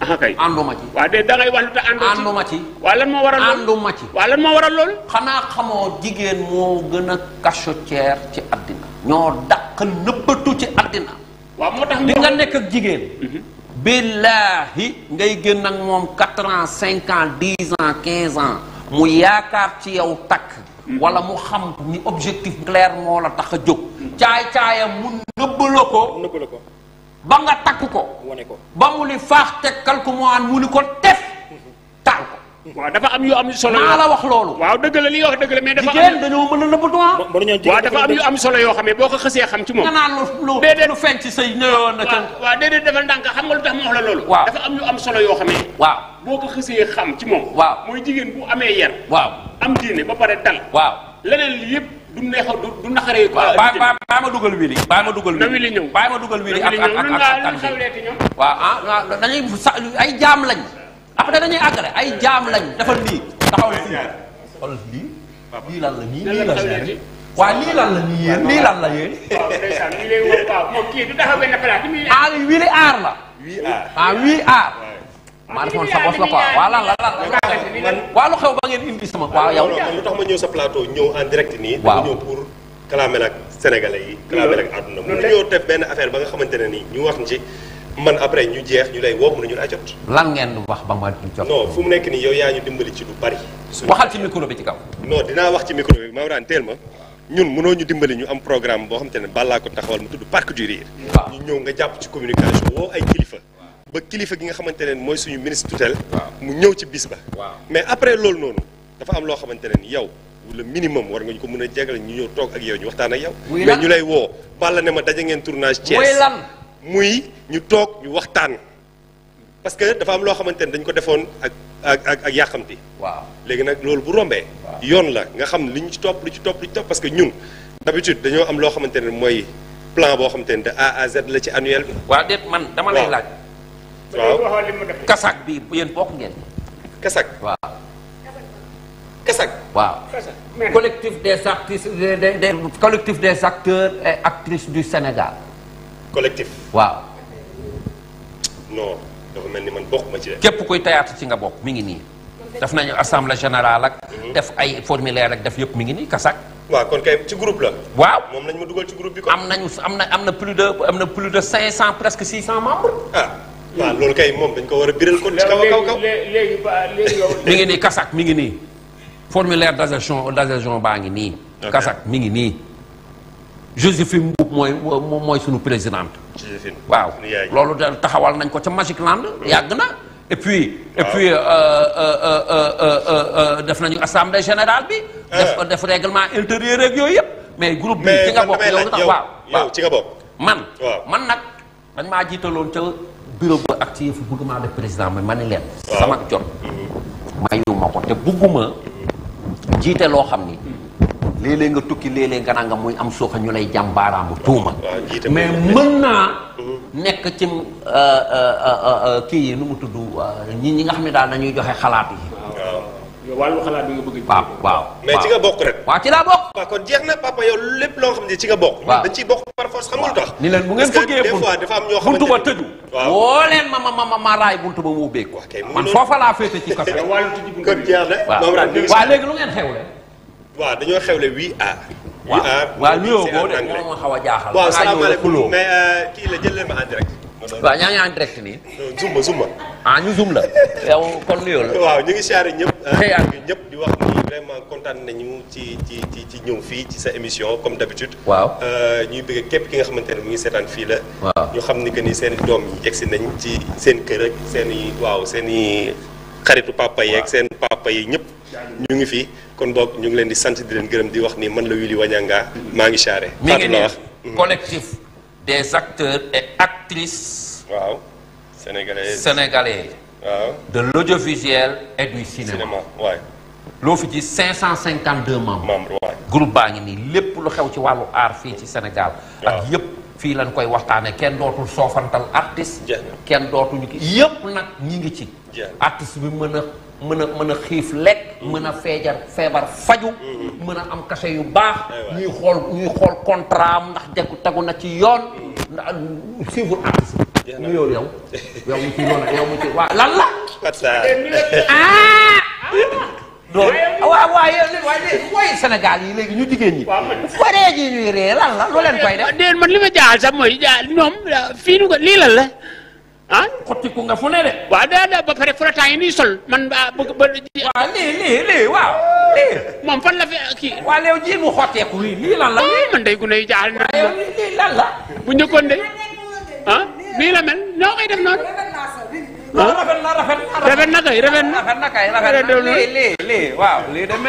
ah kay ànduma ci. waaw de da ngay wax lu tax ci. waaw lan moo waral lool ànduma ci. waaw lan moo waral lool. xanaa xamoo jigéen moo gën a cachotière ci àddina. ñoo dàq nëbbatu ci àddina waaw moo tax li nga nekk ak jigéen. Mhm. billaahi ngay génn ak moom quatre ans cinq ans dix ans quinze ans mu yaakaar ci yow takk. Mhm. wala mu xam ni objectif clair moo la tax a jóg. caay caayam mu nëbb la ko. nëbb ba nga takk ko. wane ko ba mu ni faax teg calcul mu ni ko tef mhm. taal. waaw dafa am yu am solo yoo maa la waaw dëgg la li nga wax dëgg la mais dafa am jigéen dañoo mën a nëbbatu ah. waaw dafa am am solo yoo xam ne boo ko xësee xam ci moom. ci ma ko xësee xam ci moom. waaw mooy jigéen bu amee yar. waaw am diine ba pare dal. waaw leneen li yëpp. du neex du du naxaree ko. waaw baa baa ma dugal wili. baa ma dugal wili na wili ñëw. baa ma dugal wili ak ak ak ak ak. waaw ah dañuy ay jaam lañ après dañuy àggale ay jaam lañ defal lii taxaw si xool lii lii lan la nii lii lan la waaw lii lan la nii yéen lii lan la yéen. waaw kii du taxaw benn place muy. ah wii li aar la. wii aar ah wii aar. maa defoon sa bopp la quoi waaw lan la lan la. waaw lu xew ba ngeen indi sama. waaw yow lu tax ma ñëw sa plateau ñëw en direct nii. waaw dama ñëw pour kalaame nag sénégalais yi. kalaame nag àdduna mu ñëw def benn affaire ba nga xamante ne nii ñu wax ci man après ñu jeex ñu lay woo mën nañu jot. lan ngeen wax ba ma jot. non fu mu nekk nii yow yaa ñu dimbali ci lu bari. waxal ci micro bi ci kaw. non wax ci micro bi Maodo teel ma ñu dimbali ñu am programme boo xam te ne balaa ko taxawal mu tudd parc du rire. ñu ci communication woo ba kilifa gi nga xamante ne mooy suñu ministre tutelle. mu ñëw ci bis ba. mais après loolu noonu dafa am loo xamante ne yow. le minimum war nga ko mën a jégal ñu ñëw toog ak yow ñu waxtaan ak yow. ñu lay woo. balla ne ma daje ngeen tournage Thiès muy ñu toog ñu waxtaan parce que dafa am loo xamante ne dañ ko defoon ak ak ak ak yàqamti. waaw léegi nag loolu bu rombee. yoon la nga xam li ñu ci topp li ci topp li ci parce que ñun d'habitude dañoo am loo xamante ne mooy plan boo xamante ne de A à la ci annuel bi. waaw déet man dama lay laaj. waaw kasak bi yéen bokk ngeen. kasak waaw. kasak waaw. collectif des artistes des des collectif des acteurs et actrices du Sénégal. collectif. waaw. non dafa mel ni man bokk ma ci de. képp kuy théâtre ci nga bokk mi ngi nii. def nañu assemblée général ak. Mhm. def ay formulaire ak def yëpp mu ngi nii kasak. waaw kon ci groupe waaw moom lañ ma dugal ci groupe am nañu am na am na plus de am na plus de cinq cent presque six cent membres. Ah, moom dañ ko war a biral kon ci kaw a kaw mi ngi nii kasak mi ngi nii formulaire d'adhésion baa ngi nii. kasak mi ngi nii. Joséphine Mbuub mooy mooy suñu présidente. Joséphine waaw loolu da taxawal nañ ko ca Magic Land yàgg na. et puis euh, euh, euh, def nañu assemblée général bi. def def règlement intérieur ak yooyu mais groupe bi ci nga bokk yow man man nag dañ maa jiitaloon ca bureau ba ak ci yëfu bëgg président ma ne leen. sama jot. Mhm. mayu ma ko te bëgguma jiite loo xam ni. Mhm. léeg-léeg nga tukki léeg-léeg nga muy am suuxa ñu lay jàm baaraamu tuuma mais mën naa mm-hmm. nekk ci euh, euh, euh, kii yi nu mu tudd ñii ñi nga xam ne daal na ñuy joxe xalaat yi wàllu xalaat bi nga waaw waaw mais ci nga bokk rek waaw ci kon jeex na papa lépp loo xam ne ci nga bokk waaw dañ ciy bokk par force xamul tax leen bu ngeen fëggee dafa am ñoo xam buntu ba tëju woo leen ma ma ma ma raay buntu ba mu ubbeeku man foofa laa féete ci café waaw léegi lu ngeen xewle waaw dañoo xewle huit heures. huit heures waaw nuyoo boo de moom moo xaw a jaaxal. waaw salaamaaleykum mais euh, kii la jël leen ma en direct. waaw ñaa ngi en direct nii. zoom la zoom la. ah ñu zoom la. yow kon nuyoo la. waaw ñu ngi siyaare ñëpp. tey [laughs] euh, ñëpp di wax ni vraiment kontaan nañu ci ci ci ci ñëw fii ci sa émission comme d'habitude. waaw euh, ñuy bëgg képp ki nga xamante ne mu ngi seetaan fii la. waaw ñu xam ni que ni seen doom yi yegsi nañ ci seen kër ak seen i waaw seen i xaritu papa yeeg seen papa yi ñëpp ñu ngi fii. kon boog ñu ngi leen di sant di leen gërëm di wax ni man la Wili Wañanga maa ngi charré. mi ngi nii [laughs] collectif des acteurs et actrices. waaw sénégalais sénégalais. waaw de l'audiovisuel et du cinéma cinéma waay. loo fi ci 552 membres. membres waay groupe baa ngi nii lépp lu xew ci wàllu aar fii ci Sénégal. ak yépp fii lañ koy waxtaanee kenn dootul soofantal artiste. kenn dootuñu ki yépp nag ñi ngi ci. artiste bi mën mën a mën a xiif lekk mën a feejar feebar faju mën a am cachet yu baax ñuy xool ñuy xool ndax deku tegu na ci yoon ndax suivre artiste mu yoolu yow yow mu ci waa lan la eh, ah! Ah, waaw waaw Sénégal yi léegi ñu jigéen ñi. foree ji ñuy ree lan lu leen koy def. déedéet man li ma jaaxal sax mooy ñoom fii nu ko lii lan ah xottiku nga fu ne de. waaw da ba pare frotta yi e nii sol man ba bëgg ba. waaw lii lii lii waaw lii. moom fan la fi kii. waaw léegi ji mu xotteeku lii lii lan la. man day gu ne jaaxal na. lii bu njëkkoon de ah nii la mel na rafet de mel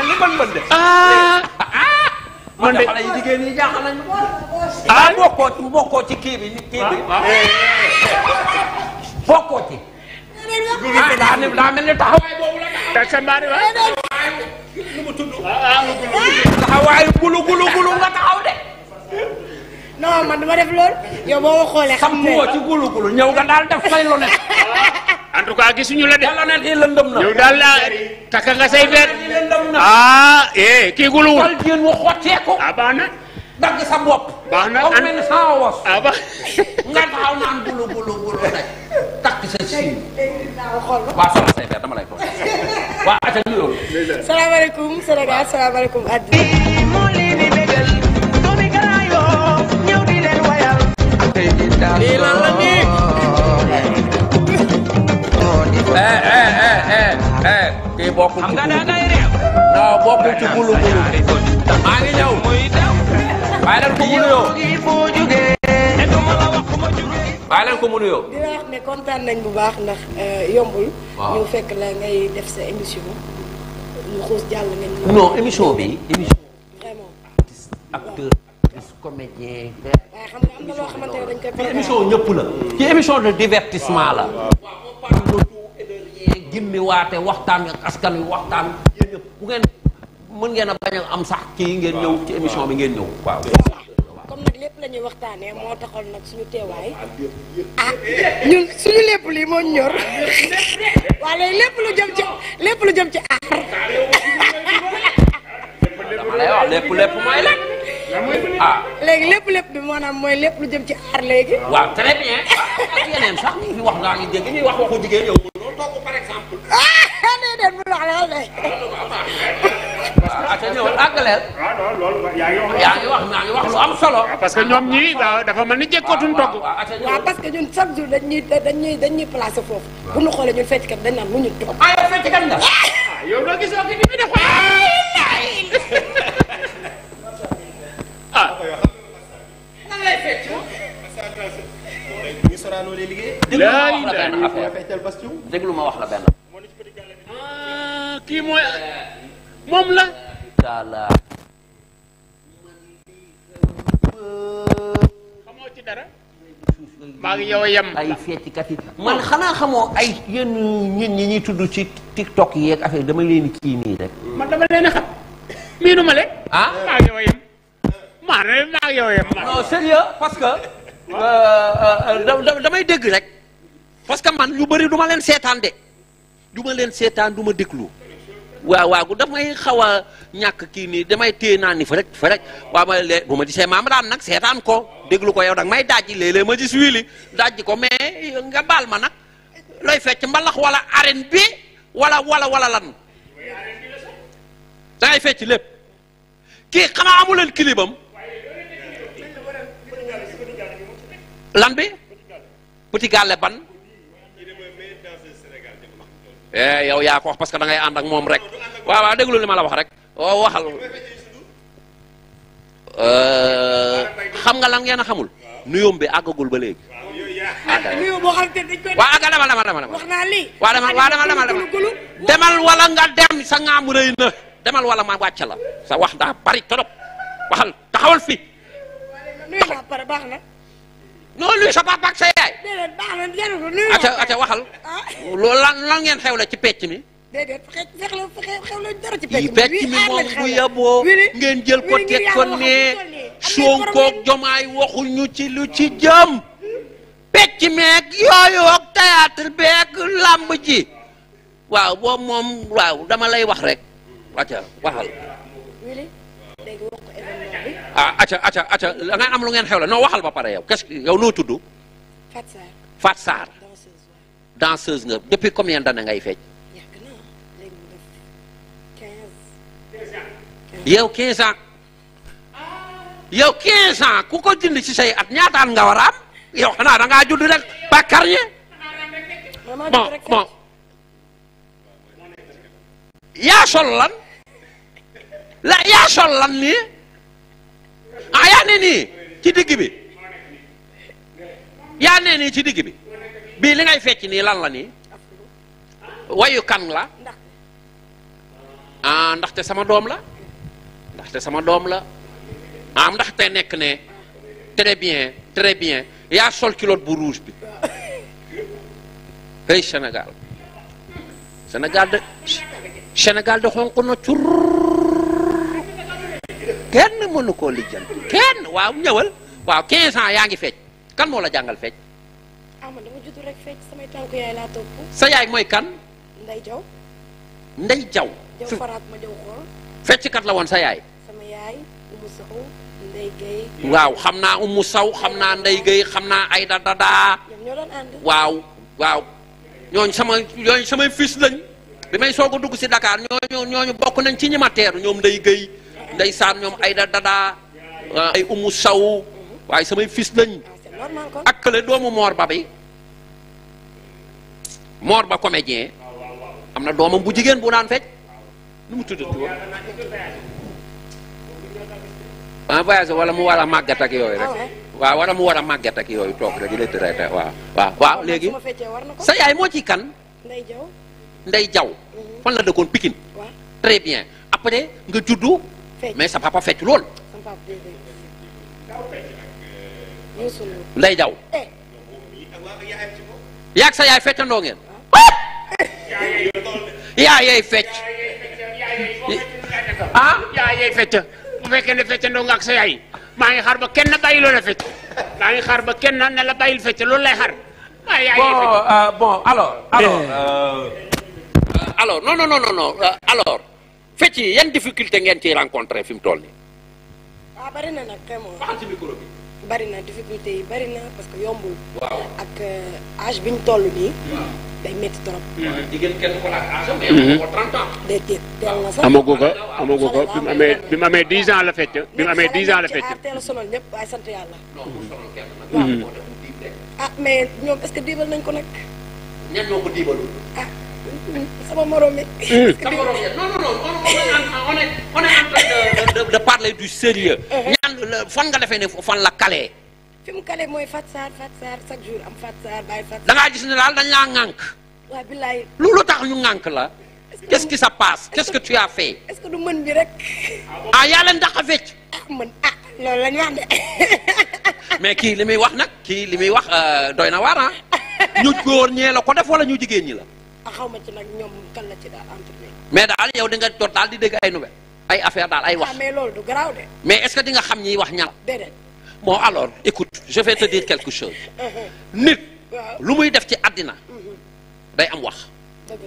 ni mën mën de. ah [laughs] man de ah, ah ci kii bokkoo ci. daa ne daa mel ni taxawaay boobu la. taxawaay lu mu tudd. taxawaay gulu gulu gulu nga taxaw de. non man dama def loolu. yow boo ma xoolee. xam nga ci gulu gulu ñëw nga daal def fay lu ne. en tout cas gisuñu la de. yàlla na lii lëndëm na. yow daal la takka nga say feet. ah eh kii guluwul. wal jéen wu xotteeku. ah baax na. dagg sa bopp. baax na an mel ni sama wos. ah ba. nga taxaw naan bulu bulu bulu daj. takk sa siin. waaw soxna say fer dama lay ko. waa aca ñu loolu. salaamaaleykum Sénégal salaamaaleykum àddina. lii lan la nii. Eh, eh, eh, eh kii bokkul ci gulu non bokkul ci gulu gulu maa ngi ñëw bàyyi leen ko mu nuyoo eh, bàyyi leen ko mu nuyoo dina wax ne kontaan nañ bu baax ndax euh, yombul ñu fekk la ngay def sa émission ñu xuus jàll nga ñu non émission bi émission vraiment acteur comédien waaye xam nga am na loo xamante ne dañ koy émission ñëpp la ci émission de divertissement la waate waxtaan ak waxtaan yéen ngeen mën ngeen a bañ am sax kii ngeen ñëw ci émission bi ngeen ñëw waaw nag lépp la ñuy waxtaanee moo taxoon nag suñu teewaay ah ñun suñu lépp lii moo ñor waaye léegi lépp lu jëm ci lépp lu jëm ci aar dama lay wax lépp lépp mooy lépp ah léegi lépp lépp bi maanaam mooy lépp lu jëm ci aar léegi. waaw très bien. ak yeneen sax ñu wax ngaa ngi dégg ñuy wax waxu jigéen yow. loolu toog par exemple. ah [laughs] déedéet bu ah, wax lool de. ñëw àggaleel. waaw loolu yaa ngi wax. lu am solo. Ah, parce que ñoom ñii dafa mel ni jékkootuñ ah, togg. waaw parce que ñun chaque jour dañuy dañuy dañuy placé foofu. bu ñu xoolee ñun fecckat dañ naan mu ñu togg. ah yow fecckat nga. yow doo gisoo ki ni daanoo lay liggéey. déglu ma wax la benn déglu ma wax la benn. kii mooy moom la. taala. xamoo ci dara. maa ngi yow yem. ay feetikat yi man xanaa xamoo ay yenn ñun ñi ñuy tudd ci tiktok yeeg affaire dama leen kii nii rek. man dama leen xam. miinu ma le. ah maa ngi yow yem. maa ngi sérieux parce Euh, euh, damay dégg rek parce que man ñu bëri du ma leen seetaan de duma leen seetaan du ma déglu waa waaw daf may xaw ñàkk kii nii damay téye naa ni fa rek fa rek waaw ma lee bu ma gisee maam nag seetaan ko déglu ko yow dag may dajji léeg-léeg ma gis wiili dajji ko mais nga baal ma nag looy fecc mbalax wala arène bi wala wala wala lan dangay fecc lépp kii xanaa amu kilimam lan bi petit gàlle ban eh, yow yaa ko parce que da ngay ànd ak moom rek waaw waaw déglu li la wax rek oh, waxal eh, xam nga lan ngeen a xamul nuyoom bi àggagul ba léegi. waaw aga demal dema demal. demal wala nga dem sa ngaam rëy na demal wala ma wàcc la sa wax daa bari trop waxal taxawal fi. noo nuyu sa papa ak sa yaay. déedéet baax na waxal. Ah. loolu lan lan xew la ci pecc mi. déedéet pecc mi. moom bu yaboo ngeen jël ko teg ko ne Sonkoog Jomaay waxuñu ci lu ci jëm. pecc meeg yooyu ak théâtre beeg làmb ji. waaw boobu moom dama lay wax rek. ata waxal. léegi wax ko ah acca acca acca da am lu ngeen xew la noo waxal ba pare yow qu'est-ce yow noo tudd. Fat Sarr danseuse nga depuis combien d'années ngay fecc. yàgg na yow 15 ans. yow 15 ans ku ko dindi ci say at ñaataan nga war a yow xanaa da ngaa judd rek bàkkar ñe. bon bon yaa sol lan. yaa sol lan nii ah yaa ne nii ci digg bi yaa ne nii ci digg bi bii li ngay fecc nii lan la nii wayu kan la ah ndaxte sama doom la ndaxte sama doom la ah ndaxte nekk ne très bien très bien yaa sol culotte bu rouge bi hey Sénégal Sénégal de Sénégal de xonq na cur kenn mënu koo lijjanti kenn waaw ñëwal waaw 15 ans yaa ngi fecc kan moo la jàngal fecc. ah man dama judd rek fecc sa yaay mooy kan. Ndey Jaw. Ndey Jaw. ma Jaw xool. fecckat la woon sa yaay. sama waaw xam naa Umu saw xam naa Ndey Gay xam naa Ayda Dada. ñoo doon ànd. waaw waaw ñooñu sama ñooñu samay fils lañ bi may soog a dugg si Dakar ñooñu bokk nañ ci ñi ma teeru ñoom Ndey Gay. ndeysaan ñoom ay dadaa ay umu saw waaye samay fils lañ ak kële doomu moor ba bi moor ba comédien am na doomam bu jigéen bu daan fecc lu mu tuddati woon ah voyage wala mu war a màggat ak yooyu rek ah, waaw wala mu war a màggat ak yooyu toog rek di traité waaw waaw waaw léegi sa yaay moo ci kan nday jaw nday jaw mhm. fan la dëkkoon Pikine très bien après nga juddu mais sa papa fecc lool. nday daw. yaag sa yaay feccandoo ngeen. yaayey fecc. ah yaayey fecc bu fekkee ne feccandoo nga ak maa ngi xaar ba kenn bàyyi loola fecc maa ngi xaar ba kenn ne la bàyyil fecc loolu lay xaar. ah yaayey fecc bon alors. alors eh. euh, alors non non euh, alors. fecc yi yan difficulté ngeen ciy rencontré fi mu toll nii. waaw ah, bari na nag vraiment. bari na difficulté yi bari parce que yombul. ak euh, âge bi ñu toll nii. day métti trop. jigéen mhm. ko laaj ko sax. amagu ko amagu ko bi mu amee bi ans la fecc. bi mu amee 10 ans la fecc. teel a sonal ñëpp waaye sant yàlla. Mhm. ah mais ñoom est diibal nañ ko nag. ñenn sama morom mi. Hmm. sama morom mi non non non de parler du sérieux uh-huh. fan nga defee ne fan la kale. fi mu kale mooy Fatou Sarr Fatou Sarr chaque am Fatou Sarr gis ne daal dañ laa ŋànk. waaw billaay. loolu tax ñu ŋànk la. qu'est-ce qui se passe qu'est-ce que tu as fait. est-ce que du mën bi rek. ah yaa leen dàq a fecc. Ah, ah, la ñu wax de. [laughs] mais kii li muy wax nag kii li muy wax euh, doy na waar ah [laughs] ñu góor ñee la ko def wala ñu jigéen ñi la. xaw ma ci nag ñoom kan la ci daal entretenir. mais daal yow di nga jot daal di dégg ay nouvelle ay affaire daal ay wax. Ah, mais du garaaw de. mais est-ce que di nga xam ñiy wax ñan. déedéet bon alors écoute je vais te dire quelque chose. Uh-huh. nit. lu muy def ci àddina. Uh-huh. day am wax. dëgg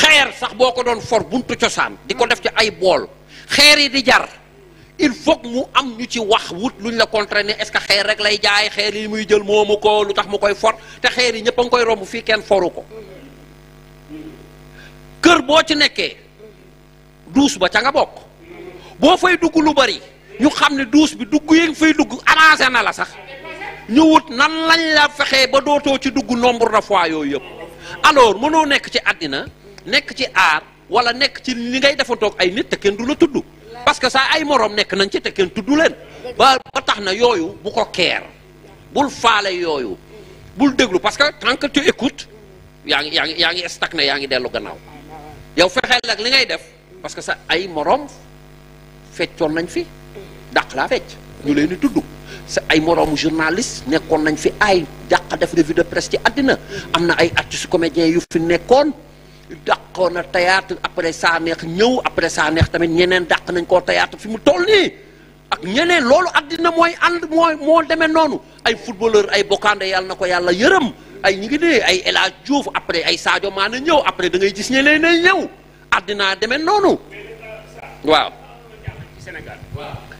xeer sax boo ko doon for buntu cosaan. di ko def ci ay bool. xeer yi di jar. il faut que mu am ñu ci wax wut luñ la contraîner est-ce que xeer rek lay jaay xeer yi muy jël moomu ko lu tax mu koy for te xeer yi ñëpp koy romb fii kenn foru ko. Uh-huh. kër boo ci nekkee duus ba ca nga bokk boo fay dugg lu bari ñu xam ne duus bi dugg yi fay dugg arrangé na la sax ñu wut nan lañ la fexee ba dootoo ci dugg nombre de fois yooyu yëpp aloor mënoo nekk ci àddina nekk ci aar wala nekk ci li ngay toog ay nit te kenn du la tudd parce que saa ay morom nekk nañ ci te kenn tudd leen ba ba tax na yooyu bu ko keer bul faale yooyu bul déglu parce que tant que tu yaa ngi yaa ngi yaa ngi stagné yaa ngi dellu gannaaw yow fexeel ak li ngay def parce que sa ay moroom feccoon nañ fi dàq laa fecc ñu leen di tudd sa ay moroomu journaliste nekkoon nañ fi ay dàq def revue de presque ci àddina am na ay artistes comédiens yu fi nekkoon dàqoon na théâtre après saa neex ñëw après sa neex tamit ñeneen dàq nañ koo théâtre fi mu toll nii ak ñeneen loolu àddina mooy ànd mooy moo demee noonu ay footballeur ay bokkaande yàlla na ko yàlla yërëm ay ñi ngi ne ay El Hadj Diouf après ay Sadio maana ñëw après da ngay gis ñe leen nay ñëw àddina demee noonu waaw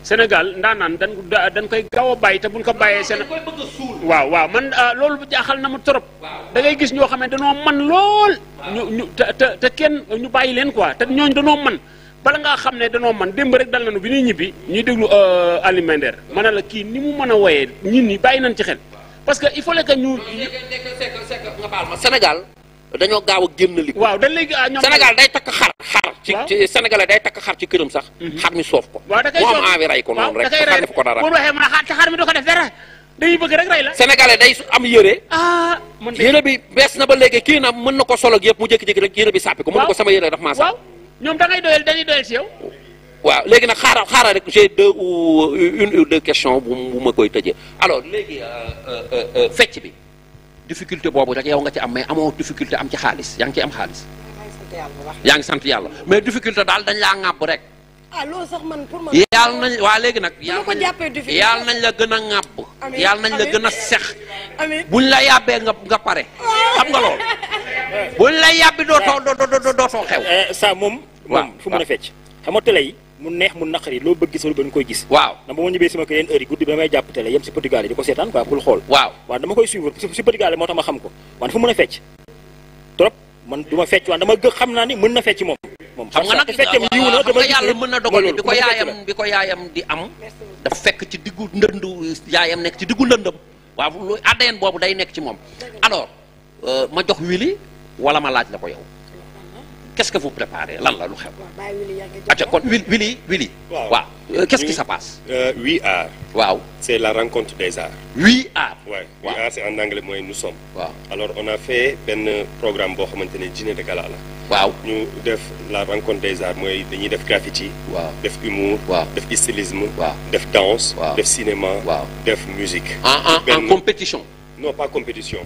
Sénégal ndaa naan dañ dañ koy gaaw a bàyyi te buñ ko bàyyee Sénégal waaw waaw man ah, loolu jaaxal na ma trop da ngay gis ñoo xam ne dañoo man lool ñu ñu te te te kenn ñu bàyyi leen quoi te ñooñ dañoo man bala ngaa xam ne dañoo man démb rek dal nañu bi ñuy ñibbi ñuy déglu euh, alimentaire ma ne la kii ni mu mën a woyee ñun ñi bàyyi nañ ci xel parce que il fallait que ñu. Sénégal dañoo gaaw a génn li. waaw dañ léegi ah, Sénégal day takk xar xar. ci ci day takk xar ci këram sax. Mhm. xar mi soof ko. waaw da koy mu am envie rey ko noonu rek. da ko dara bu xar mi du ko def dara. dañuy bëgg rek rey la. Sénégalais day am yére. ah man yére bi bees na ba léegi kii na mën na ko solo ak yëpp mu jékki-jékki rek yére bi sàppi ko. waaw mën na ko sama yére daf maa sàpp. waaw ñoom da doyal dañuy doyal ci yow waaw léegi nag xaaral xaaral rek j'ai deux bu ma koy tëjee alors léegi euh, euh, euh, fecc bi difficulté boobu rek nga ci am mais amoo difficulté am ci xaalis yaa am xaalis. yaa sant yàlla mais difficulté daal dañ laa ŋàbb rek. Ah, sax man pour man. yàlla waa léegi nag. yàlla nañ la gën a ŋàbb. yàlla nañ la gën a sex. buñ la yàbbee nga nga pare. xam nga lool [laughs] buñ la yàbbi dootoo dootoo xew. sa eh, eh, moom. waaw fu mu ne fecc xam nga télé yi mu neex mu naqari loo bëgg gis lu bañ koy gis waaw ndax ba ma ñibbee sama kër yenn heure yi guddi bi damay jàpp télé yem si Petit Galle ko seetaan quoi pour xool waaw waaw dama koy suivre si Petit Galle moo a man du ma fecc waaw dama gë xam naa ni mën na fecc moom moom xam nga nag na dama yàlla mën na dogal bi ko yaayam bi ko yaayam di am dafa fekk ci diggu ndënd yaayam nekk ci diggu ndëndam waaw lu ADN boobu day nekk ci moom alors euh, ma jox wili wala ma laaj la ko yow qu'est-ce que vous préparez lan la lu xew. waaw kon Willy Willy Willy. waaw waaw euh, qu'est-ce qui se passe. We euh, Are. waaw c'est la rencontre des arts. We Are. waaw We Are c'est en anglais mooy nous sommes. waaw alors on a fait benn programme boo xamante ne dîner de gala la. waaw ñu def la rencontre des arts mooy dañuy def graffiti. waaw def humour. waaw def stylisme. waaw def danse. waaw def cinéma. waaw def musique. en en en compétition. non pas compétition.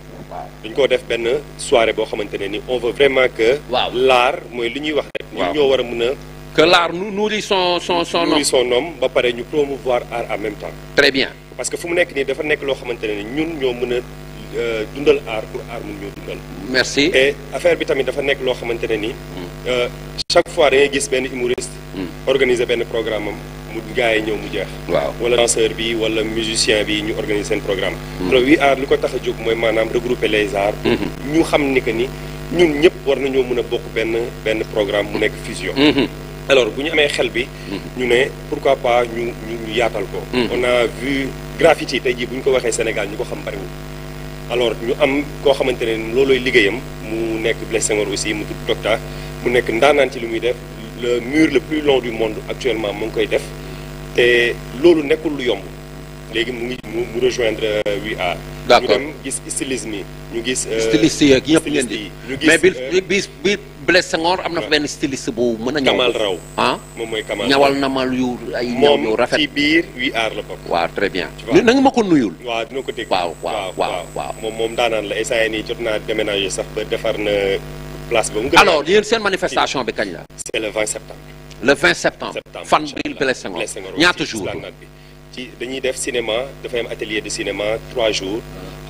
dañ koo def benn soirée boo xamante ne ni on veut vraiment que. waaw l'art mooy li ñuy wax rek. ñun ñoo war a mun a. que laar nous nourrit son son son nom. nourrit ba pare ñu promouvoir art en même temps. très bien parce que fu mu nekk nii dafa nekk loo xamante ni ñun ñoo mën a euh, dundal art pour art mun ñoo dundal. merci affaire bi tamit dafa nekk loo xamante ne ni. Hmm. Euh, chaque fois da ngay gis benn humoriste. Hmm. organiser benn programme mu gars yi ñëw mu jeex. waaw wala danseur bi wala musicien bi ñu organiser seen programme. donc wi aar lu ko tax a jóg mooy maanaam regrouper les arts. Hmm. ñu xam ni que ni ñun ñëpp war nañoo mën a bokk benn benn programme mu nekk fusion. Hmm. Hmm. alors bu ñu amee xel bi. ñu ne pourquoi pas ñu ñu yaatal ko. on a vu graffiti tey jii bu ñu ko waxee Sénégal ñu ko xam bariwul. alors ñu am koo xamante ne loolooy liggéeyam mu nekk Blaise Senghor aussi mu tudd Docta mu nekk ndaanaan ci lu muy def le le plus long du monde actuellement mu ngi koy def. te loolu nekkul lu yomb léegi mu ngi mu mu rejoindre wi euh, a ñu dem gis stylisme yi ñu gis euh, styliste yeeg ñëpp ngeen di mais bi bi bi am na fa benn styliste bu mën a ñëw Kamal Raw ah moom mooy Kamal ñawal na ma yu ay ñaw yu rafet moom ci biir wi aar la bokk waaw très bien na nga ma ko nuyul waaw dina ko waaw waaw waaw moom daanaan la essayé nii jot naa déménager sax ba defar na place ba mu gën alors yéen seen manifestation bi kañ la c'est le 20 septembre le 20 septembre fan bi Blaise Senghor ñaata def cinéma dafay am atelier de jours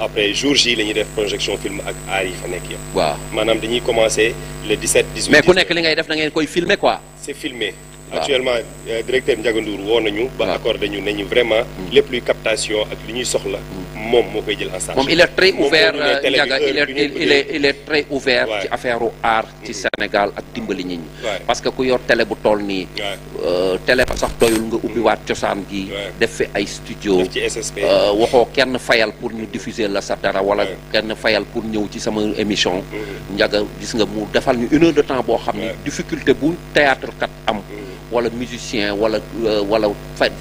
ah. après jour la ñuy def projection film fa nekk yëpp waaw maanaam dañuy commencer le 17 18 mais ku nekk ngay def da ngeen koy filmer quoi c'est filmé actuellement euh, directeur Ndiaga Ndour woo nañu. ba accordé ñu ne ñu vraiment. Mm. lépp luy captation ak li ñuy soxla. Mm. moom moo koy jël en charge. moom il est très ouvert Ndiaga il est il est il est ci affaire aar mm. ci Sénégal ak dimbali nit ñi. parce que ku yor tele bu tool nii. Euh, télé sax doyul nga ubbiwaat cosaan gi. def fi ay studio. Euh, waxoo kenn fayal pour ñu diffuser la sa dara wala kenn fayal pour ñëw ci sama émission. Ndiaga gis nga mu defal ñu une de temps boo xam ni difficulté bu théâtre kat am. wala musicien wala euh, wala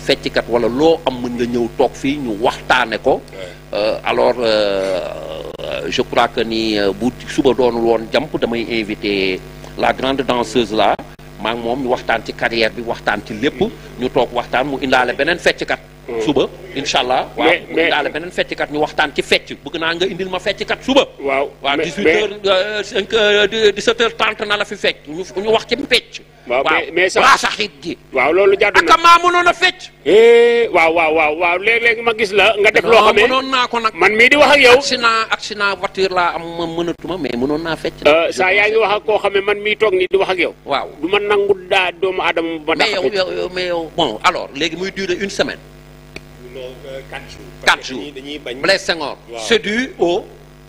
fecckat wala loo am mën nga ñëw toog fii ñu waxtaane ko euh, alors euh, je crois que ni bu suba doonul woon jàmp damay invité la grande danseuse là maa ngi moom ñu waxtaan ci carrière bi waxtaan ci lépp mm. ñu toog waxtaan mu indaale beneen fecckat mm. suba incha allah. waaw mais daal beneen fecckat ñu waxtaan ci fecc bëgg naa nga indil ma fecckat suba. waaw waaw 18 heures na la fi fecc ñu wax ci pecc. waaw mais sax saxit ji. waaw loolu jàddu na ak maa mënoon a fecc. Eh, waaw waaw waaw waaw ma gis la nga def. loo xam ne mënoon naa ko nag. man mii di wax ak yow accident accident voiture laa am ma mënatuma mais mënoon naa fecc. Euh, saa yaa ngi wax ak koo xam ne man mii toog nii di wax ak yow. waaw du ma nangu daa doomu aadama bu ma. mais yow yow mais yow bon alors léegi muy durer une semaine. non euh, quatre jours. quatre jours dañuy bañ Blaise Senghor. c'est dû au.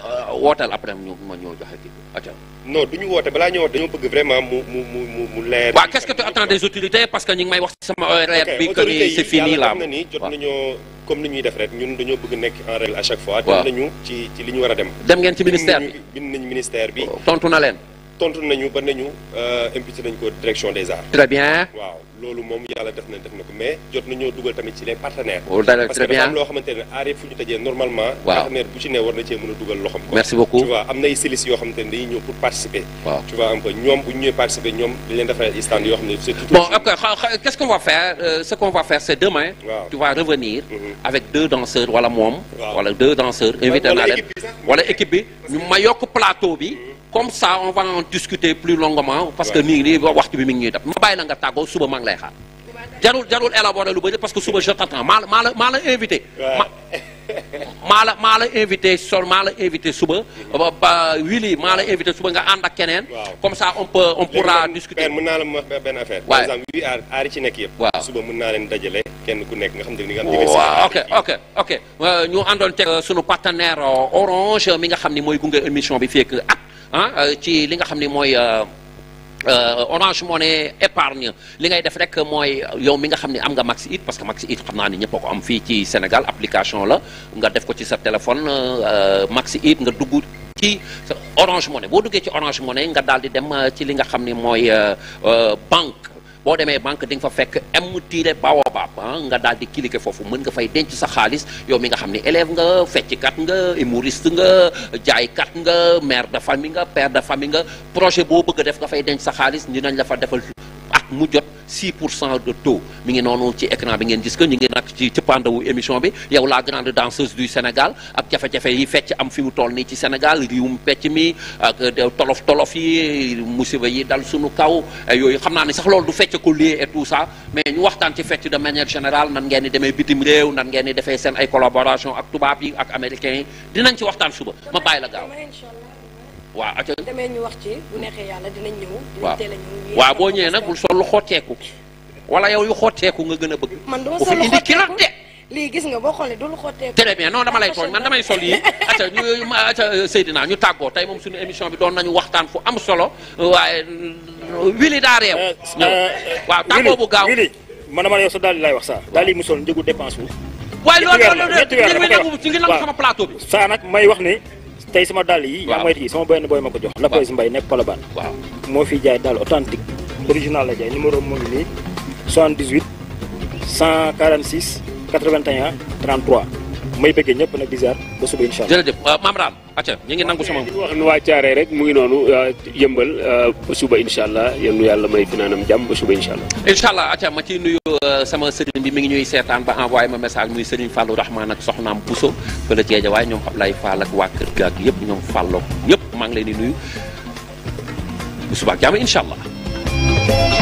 Euh, wootal après ñu ma ñoo joxe kii bi non du ñu woote balaa ñu woote dañoo bëgg vraiment mu mu mu mu leer. waaw qu'est-ce que tu attends des autorités parce que ñu ngi may wax sama horaire bi que ni c'est fini là jot nañoo comme ni ñuy def rek ñun dañoo bëgg nekk en règle à chaque fois. waaw ci li ñu war a dem. dem ngeen ci bi bind nañu ministère bi. tontu na leen. tontu nañu ba nañu euh, imputé nañu ko direction des arts. très bien waaw loolu moom yàlla def na def na ko mais jot nañoo dugal tamit ci les partenaires. Oh, parce que dafa am loo xamante ne aar yëpp fu ñu tajee normalement. partenaire bu ci ne war na cee mën a dugal loxoom. merci beaucoup tu vois am nay sélices yoo xamante ne dañuy ñëw pour participer. waaw tu vois un peu ñoom bu ñu ñëwee participer ñoom dañ leen defaral ay stand yoo xam ne c'est tout. bon ok qu'est-ce qu'on va faire euh, ce qu'on va faire c'est demain. waaw tu vas revenir. Mm-hmm. avec deux danseurs wala moom. wala deux danseurs. invité naa leen wala équipe bi ñu ma yokk plateau bi mm-hmm. comme ça on va en discuter plus longuement parce que mi ngi nii waxtu mi ngi ñuy def ma bàyyi la nga tàggoo suba maa ngi lay xaar jarul élaborer lu bëri parce que suba je t'attends maa la maa la maa la invité maa invité sol maa la invité suba ba Willy maa la invité suba nga ànd keneen comme ça on peut on pourra discuter mën naa la ma benn affaire par exemple aar aar ci nekk yëpp waaw suba mën naa leen dajale kenn ku nekk nga xam te ni nga euh, euh, sunu partenaire euh, Orange mi nga xam ni mooy gunge émission bi fekk ah euh, ci li nga xam ni mooy euh, euh, Orange Money épargne li ngay def rek mooy yow mi nga xam ne am nga Max it parce que Max it xam naa ni ñëpp ko am fii ci Sénégal application la nga def ko ci sa téléphone Max it nga duggu ci Orange Money boo duggee ci Orange Money nga daal di dem ci li nga xam ne mooy banque. boo demee banque di fa fekk M tiret baobab ah, nga daal di cliquer foofu mën nga fay denc sa xaalis yow mi nga xam ne élève nga kat nga humoriste nga jaay kat nga mère de famille nga per de famille nga projet boo bëgg a def nga fay denc sa xaalis dinañ la fa defal mu jot 6 pour cent de taux mi ngi noonu ci écran bi ngeen gis que ñu ngi nag ci cëppaandawu émission bi yow la grande danseuse du Sénégal ak jafe-jafe yi fecc am fi mu toll nii ci Sénégal riwum pecc mi ak tolof tolof yi musiba yi dal suñu kaw eh, yooyu xam naa ne sax loolu du fecc ko lié et tout ça mais ñu waxtaan ci fecc de manière générale nan ngeen di demee bitim réew nan ngeen di defee seen ay collaboration ak tubaab yi ak américains yi dinañ ci waxtaan suba ma bàyyi la gaaw waaw aca demee ñu wax ci bu neexee ñëw. dinañ boo ñëwee nag bul sol lu xotteeku. wala yow yu xotteeku nga gën a bëgg. man dama sol lu xotteeku fi indi lii gis nga boo xoolee du lu xotteeku. très bien non dama lay tooñ man damay sol yii [laughs] aca ñu aca Seydina ñu tàggoo tey moom suñu émission bi doon nañu waxtaan fu am solo waaye wili daa réew. Euh, euh, waaw tàggoo bu gaaw wili man dama yow sa daal di lay wax sa daal di mu sol njëgu dépense wu. ñetti weer la waaye loolu loolu ci ngi nangu sama plateau bi. saa nag may wax ni tey sama dàll yi yaa moyt yi sama benn booy ma ko jox la poysi mbay nekk Colobane waaw moo fi jaay dàll authentique original la jaay numéro moo ngi nii 78 146 81 33 may bëggee ñëpp nag di ziar ba suba incha allah. acca ñu ngi nangu sama. wax nu waa Thiaré rek mu ngi noonu euh, yëmbal euh, ba suba incha allah yéen ñu yàlla may finaanam jàmm ba suba incha allah. incha allah acca ma ciy nuyu euh, sama sëriñ bi mi ngi ñuy seetaan ba envoyé ma message muy sëriñ Fallou Rahman ak soxnaam Bousso fële ci waaye ñoom Ablaye Fall ak waa Kër Gaak yëpp ñoom Fallou ñëpp maa ngi leen di nuyu bu suba ak jàmm